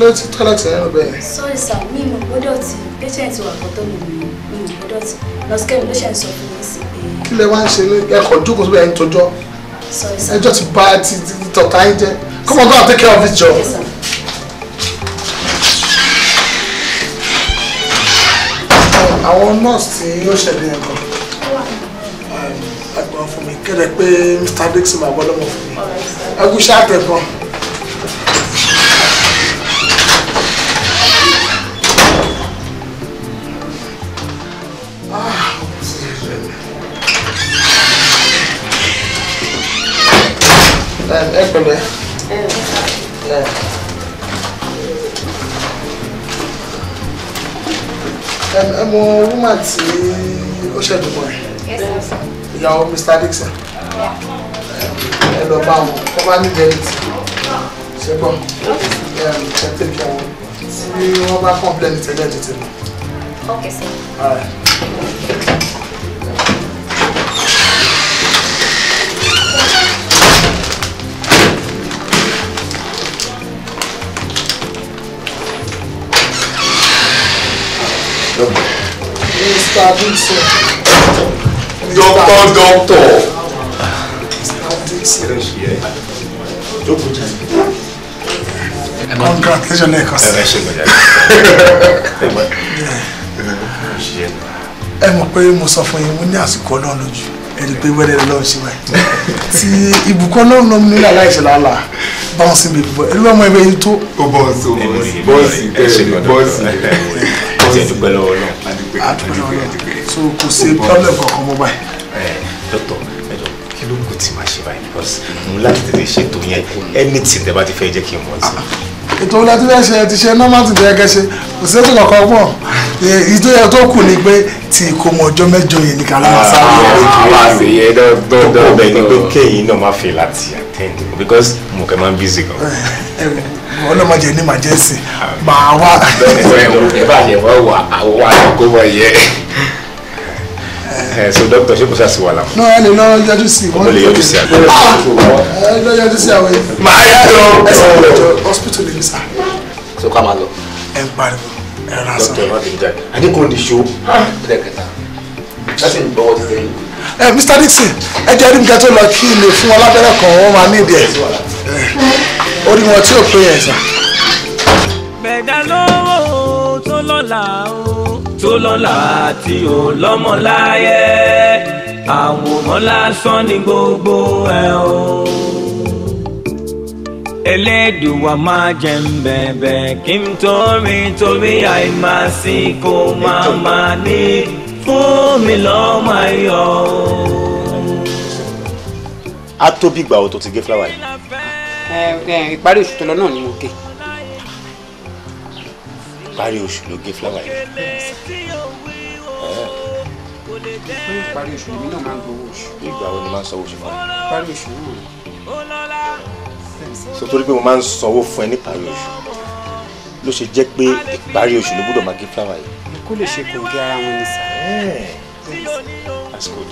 ló ti tọ́lẹ̀tì nínú bẹ́ẹ̀. sorry sir mi ò gbọ́dọ̀ tí patient wà kọ́tọ́ mi mi ò gbọ́dọ̀ tí nọ́ọ̀sìkẹ́mi ló ṣe ń sọ fún mi sí pé. kí lẹ wá ń ṣe ẹkọ jókòó síbẹ̀ ń tọjọ́ ẹjọ́ ti bá ti tọ̀tà yín jẹ́ come on go take care of it jọ. Yes, sir. àwọn nurse tí ó ṣẹlẹ̀ ẹ̀kọ́ ẹ̀gbọ́n fún mi kéde pé Mr. Dixon àbọ̀lọ́mọ̀ fún mi ẹgúsẹ́ àtẹ̀gbọ́n. Pẹ̀lẹ́. Ẹ ẹ mọ rúmà tí ó ṣẹ̀dùnmọ̀ rẹ̀. Ìyàwó Mr. Dixon. Ẹ lọ bá wọn, kọ́ bá ní dẹ́rẹ́tì. Ṣé gbọ́? Ẹ ẹ tẹ̀lé kí àwọn tí wọ́n bá kọ́ńplẹ́ẹ̀nì tẹ́lẹ̀ tètè. Okay, sir. All right. Mr. Dixon. Doctor, doctor. Mr. Dixon. Jókòó jáde. Congratulations, Nekos. Ẹ ṣe gbọ́dọ̀. Ẹ mọ̀ pé mo sọ fún yín, mo ní àsìkò ọlọ́run lójú. Ẹ rí i pé wẹ́rẹ́ lọ́run ṣe wáyé. Ti ìbùkún ọlọ́run náà nílò aláìṣẹ̀ lálá. Báwọn sì bèbí bọ̀. Ẹ lọ́mọ ẹgbẹ́ yín tó. Ó bọ́ọ̀sì, bọ́ọ̀sì, bọ́ọ̀sì, bọ́ọ̀sì so kò problem kankan mọ́ báyìí. dókítà ẹjọ kí ló ń kó tí máa ṣe báyìí because mo láti tètè ṣètò yẹn anything tẹ bá ti fẹ́ jẹ́ kí n mọ̀ sí. ètò ọ̀la tí fẹ́ ṣe ti ṣe normal ti dẹ́gẹ́ ṣe kò sí ètò kankan mọ̀ ètò yẹn tó kù ni pé tí kò mọ ọjọ́ mẹ́jọ yẹn ní kàrá sáré. àwọn àṣeyẹ dọ́dọ̀ bẹ́ẹ̀ ni pé kéyìn náà má fi láti attend because mo kẹ́ máa ń bízì gan. Eh, eh, ọlọ́mọdé ní màjẹ́sì máa wá. bẹ́ẹ̀ bẹ́ẹ̀ ló ń bá yẹn wá wà àwọn àgbẹ̀ wọ̀ yẹ. Eh, so dókítà ṣé kò sá sí wa la. náà ẹ lè lọ yọjú sí i. ọmọ lè yọjú sí àgbẹ̀. Ah! ẹ lọ yọjú sí àwọn yẹn. màá yá lọ. ẹ sọ wọlé jọ hospital lè mi sá. so ká máa lọ. ẹ ń pariwo ẹ rà sọ. dókítà ẹ má ti jáde. adékòó ni ṣó. Ah! ẹ ẹ eh, Mr Dixon ẹ jẹ́ rímkẹ́ tó lọ kí ilé fún ọlábẹ́rẹ́ kan wọ́n máa ní ìdí ẹ̀ orí wọn tí ò pé ẹ̀ sà. lówó tó lọ́la o tó lọ́la tí ò lọ́mọ láyé àwòrán lásán gbogbo ẹ o elédùwà máa jẹ ń bẹ̀bẹ̀ kí n torí torí àìmásí kó máa máa ní fún mi lọ́mọ ayọ̀. a tó bí ìgbà wo tó ti gé fúláwà yìí. ìparí oṣù tó lọ náà ni mo gé. ìparí oṣù ló gé fúláwà yìí. ìparí oṣù mi náà máa ń gbowó oṣù. ìgbà ni máa ń sanwó oṣù fún mi. ìparí oṣù náà. sọ torí pé mo máa ń sanwó fún ẹ níparí oṣù ló ṣe jẹ́ pé ìparí oṣù ló gbọ́dọ̀ máa gé fúláwà yìí kó lè ṣe kòǹgì ara wọn ni sà. Eh, that's good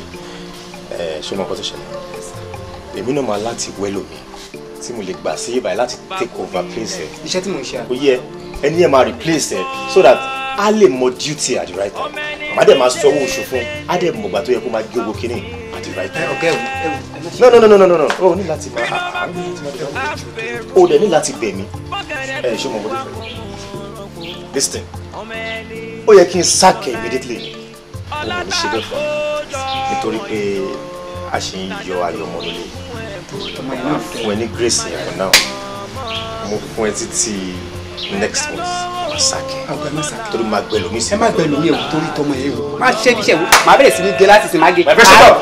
eh, ṣé mo kọ́ tó ṣẹlẹ̀ èmi náà máa láti wẹ́lò mi tí mo lè gbà sí ibà láti take over place ẹ̀. iṣẹ́ tí mo ń ṣe àgbẹ̀. ó yẹ ẹni replace ẹ̀ so that a lè mọ duty at the right time màá dẹ̀ máa sanwó oṣù fún a dẹ̀ mọ̀gbà tó yẹ kó máa gé owó kínní at the right time. Okay. Eh, no no no no no no Oh, ní láti máa o dẹ̀ ní láti bẹ̀ mí ẹ̀ ṣé mo mọ̀ tó this thing ó yẹ kí n sáàkẹ́ immediately òun ò ní ṣe bẹ́ẹ̀ fún mi nítorí pé a ṣe ń yọ ayọ̀ ọmọ lórí máa fún ẹ ní grace yẹn for now mo fún ẹ títí next month máa sáàkẹ́ torí máa gbẹ lómi sí i. ẹ má gbẹ lómi ẹ̀wò torí tọmọ ẹ̀ wò. má ṣe bí ṣe wò má bẹ̀rẹ̀ sí ní gé láti sìn má gé. bàbá ṣe bọ̀.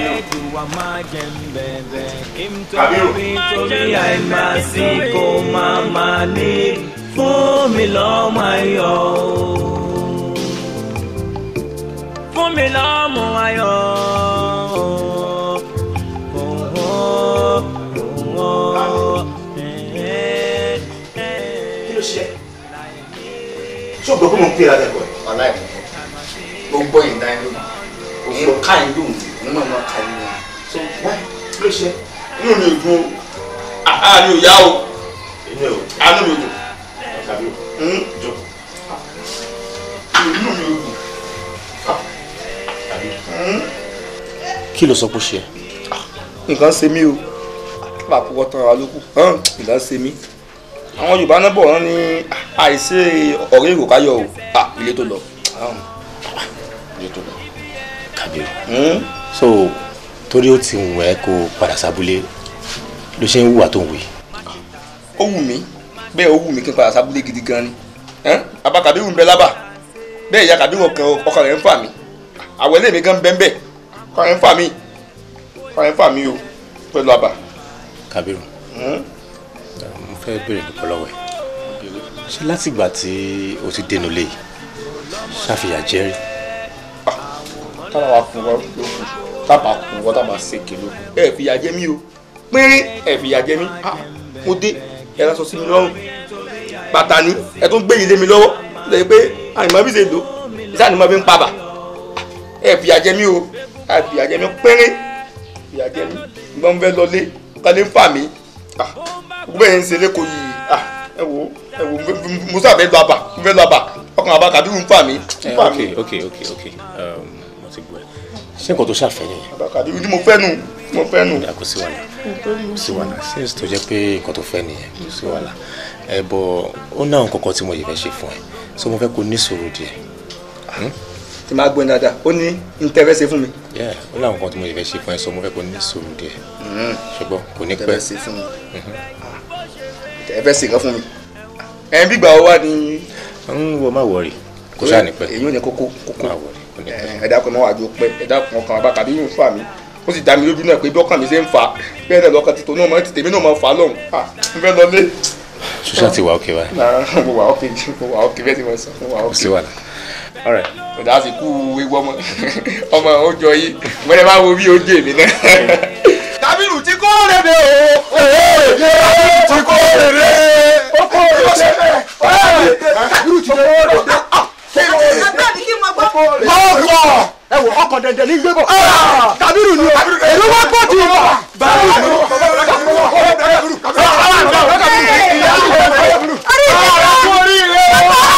Elédùà má jẹ́ n bẹ̀bẹ̀ kí n tóbi torí àìmásìkò màmá ní fún mi lọ́mọ ayọ̀ fún mi ká ìlú mi iṣẹ́ inú mi ò dùn o àánú ìyá o àánú mi ò dùn hmm? inú mi ò dùn. Ah. Hmm? kí ló sọ pé ó ṣe. Ah, nǹkan ṣe mí o pàpọ̀ wọ́tán ara ló kù nǹkan ṣe mí àwọn yorùbá náà bọ̀ wọ́n ní ah, àìsí ọ̀rẹ́ ìrò káyọ̀ o ilé tó lọ. ilé tó lọ hmm? kábíyèsí. so torí ó ti wù ẹ́ kó padà sábúlé ló ṣe ń wùwà tó ń wì. ó wù mí bẹ́ẹ̀ ó wù mí kí n padà sábúlé gidi gan ni abakàbí wù ń bẹ lábà bẹ́ẹ̀ ìyá kàbí wọ̀kan ọkàn rẹ̀ ń fà mí àwọ̀ ilé gan bẹ́ẹ̀ bẹ́ẹ̀ ọkàn rẹ̀ ń fà mí ọkàn rẹ̀ ń fà mí o pẹ̀lú àbà. Kabiru mo fẹ́ bèrè nípa lọ́wọ́ ẹ̀ ṣe látìgbà tí o ti dénú lé yìí ṣàfihàn jẹ́rìí. Ah, kára wa fún wa ló fún un tábà kú wọ́n tábà ṣe kèlò ẹ fìyà jẹ mí o pínrín ẹ fìyà jẹ mí ah, mo dé ẹ lọ sọ sí mi lọ́rùn bàtà ni ẹ tún gbé yìí mi lọ́wọ́ lẹ́yìn pé àyìnbá bí ṣe lò ìsáà ni mo fi ń pa bà ẹ fìyà jẹ mí o ẹ fìyà jẹ mí pínrín fìyà jẹ mí ìgbọ́n fẹ́ lọlé kálí ń fà mí ah, gbogbo ẹ̀yìn ń ṣe lẹ́kọ̀ọ́ yìí ah, ẹ wo ẹ wo musa fẹ́ lọ àbà fẹ́ lọ àbà ọkàn àbà kàbí ń fà mí. Eh, ok ok ok. Um ṣé nǹkan tó ṣàfẹ́ nìyẹn. àbákàdé ni mo fẹ́ nu mo fẹ́ nu. kò sí wàhálà kò sí wàhálà since tó jẹ́ pé nǹkan tó fẹ́ nìyẹn kò sí wàhálà ẹ bọ̀ ó náà kọ̀ọ̀kan tí mo yẹ̀ fẹ́ ṣe fún ẹ so mo fẹ́ kó ní sùúrù díẹ̀. Hmm? tí máa gbọ́n dáadáa ó ní n tẹ́fẹ́ ṣe fún mi. ó láwọn kan tí mo yẹ̀ fẹ́ ṣe fún ẹ so mo fẹ́ kó ní sùúrù díẹ̀ hmm. ṣùgbọ́n kò ní pẹ́ tẹ́fẹ́ mm-hmm. ah, ṣe kan mi. ẹ̀ bí gbà wá ni. ń hmm, wọ má wọrí kò sáà ní pẹ́. èyí ò ní kókó kókó ẹ dákun náà wà jó pẹ́ ẹ dákun ọkàn bàbá kàbí yóò fà mí ó sì dá mi lójú náà pé bí ọkàn mi ṣe ń fa bẹ́ẹ̀ náà lọ́kàn títò náà mọ́ títè mí náà mọ́ fa lọ́hùn n ah, fẹ́ lọ lé. ṣùṣà ti wà òkè báyìí. mo wà òkè mo wà òkè bẹ́ẹ̀ ti mọ̀ sọ mo wà òkè. ṣé wà lá ọ̀dà sì kú ewu ọmọ ọmọ ojú ọyí wẹ́rẹ́ bá wo bí ojú èmi náà. Kábírù ti kó rèé o. Kábírù ti kó rèé. Kábírù ti kó rèé ṣé ìwọ rẹ ọkọ ẹ wọ ọkọ dẹdẹ ní gbẹbọ. Kabiru ni o èló wá pọ̀ jù wá. Kabiru ni o Kabiru ni o Kabiru ni o.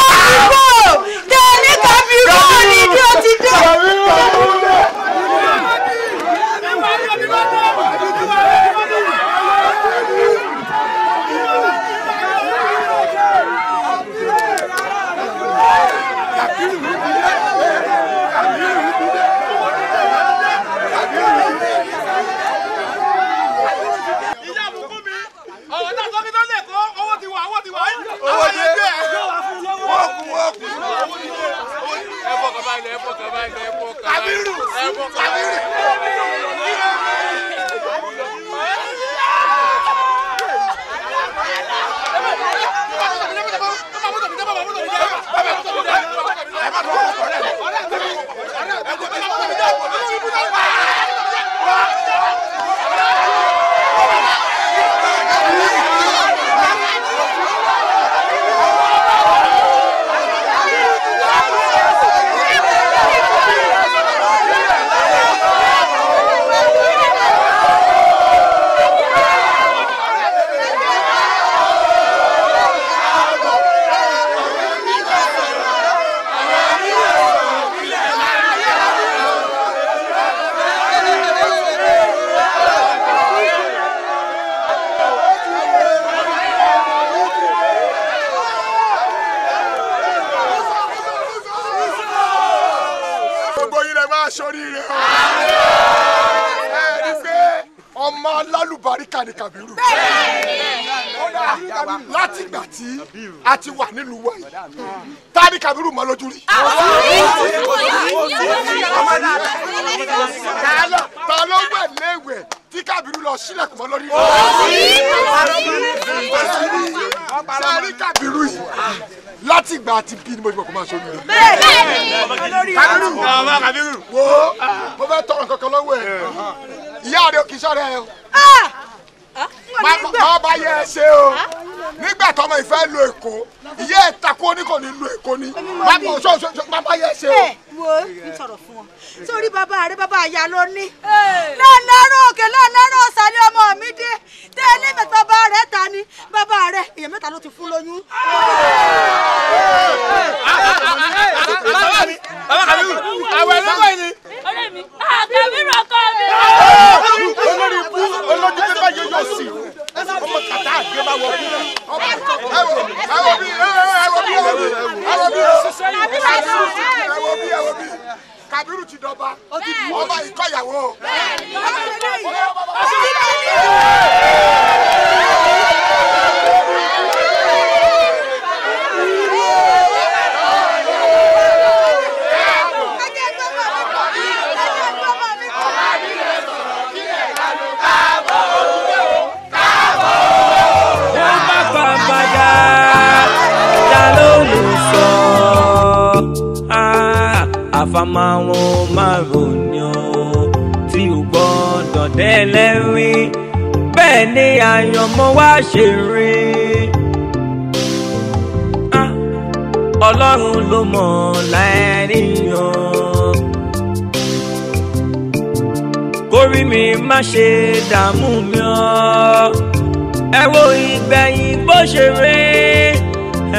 Ẹ má dọ̀wọ́ ọ̀rẹ́ rẹ̀. Ẹ má dọ̀wọ́ ọ̀rẹ́ rẹ̀. alálùbáríkà ni kàbírù. láti ìgbà tí a ti wà nílùú wa yìí ta ni kàbírù mọ lójú rí. ta ló wẹ̀ léwẹ̀ tí kàbírù lọ sílẹ̀kùn mọ́ lórí. sẹ́rí kàbírù yìí láti ìgbà àti bí ni mo ti bọ̀ kó máa sọ́nù. kàbírù wo mo fẹ́ tọrọ nǹkan kan lọ́wọ́ ẹ̀ ìyá rẹ ò kì í sọ̀rọ̀ ẹ o máa bá yẹ ẹ ṣe o nígbà tọmọ ìfẹ́ lu èkó ìyá ẹ takú ó ní kò ní lu èkó ni máa bá yẹ ẹ ṣe o. wo n sọ̀rọ̀ fún ọ sórí bàbá rẹ bàbá àyà ló ní. lọ́nàrọ̀ òkè lọ́nàrọ̀ ọ̀sàlẹ̀ ọmọ mi dé tẹ ẹ nífẹ̀ẹ́ bàbá rẹ ta ni bàbá rẹ èèyàn mẹ́ta ló ti fún lóyún. bàbá mi bàbá mi àwẹ̀ ló ni ọ̀rẹ́ mi àkàbírò ọkọ mi. olórí ikú olójú pé báyọ̀ yóò sì ọmọ kàtà àgbẹ̀ máa wọ bí. ẹwọ ẹwọ bí ẹwọ bí ẹwọ bí ẹwọ bí ẹwọ bí ẹwọ bí Kàbírù ti dọba ọba ìkọyàwó. bẹ́ẹ̀ni ọba ìkọyàwó. àfàmàrún márùn-ún tí ò gbọ́dọ̀ dẹ́lẹ́rìn bẹ́ẹ̀ ni àyànmọ́ wá ṣe rìn. Ah, ọlọ́run ló mọ̀ láìníyàn. kórí mi má ṣe dààmú mi ọ́ ẹ wo ìgbẹ̀yìn bó ṣe rè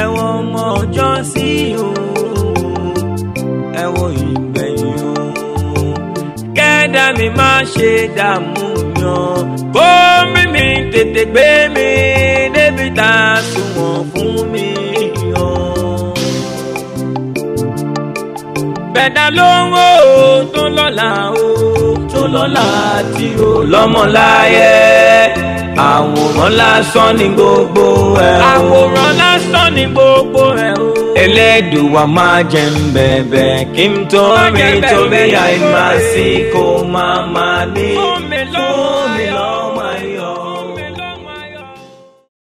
ẹ wọ ọmọ ọjọ́ sí o. ọ̀rẹ́ mi má ṣe dààmú yan kó mi mi tètè gbé mi débi tá a sunwọ̀n fún mi yan. bẹ̀dá ló ń wò ó tó lọ́la ó tó lọ́la tí ó lọ́mọ láyé àwòrán lásán ni gbogbo ẹ̀ o. àwòrán lásán ni gbogbo ẹ̀ o. Elédùwà má jẹ́ ń bẹ̀bẹ̀ kí n tó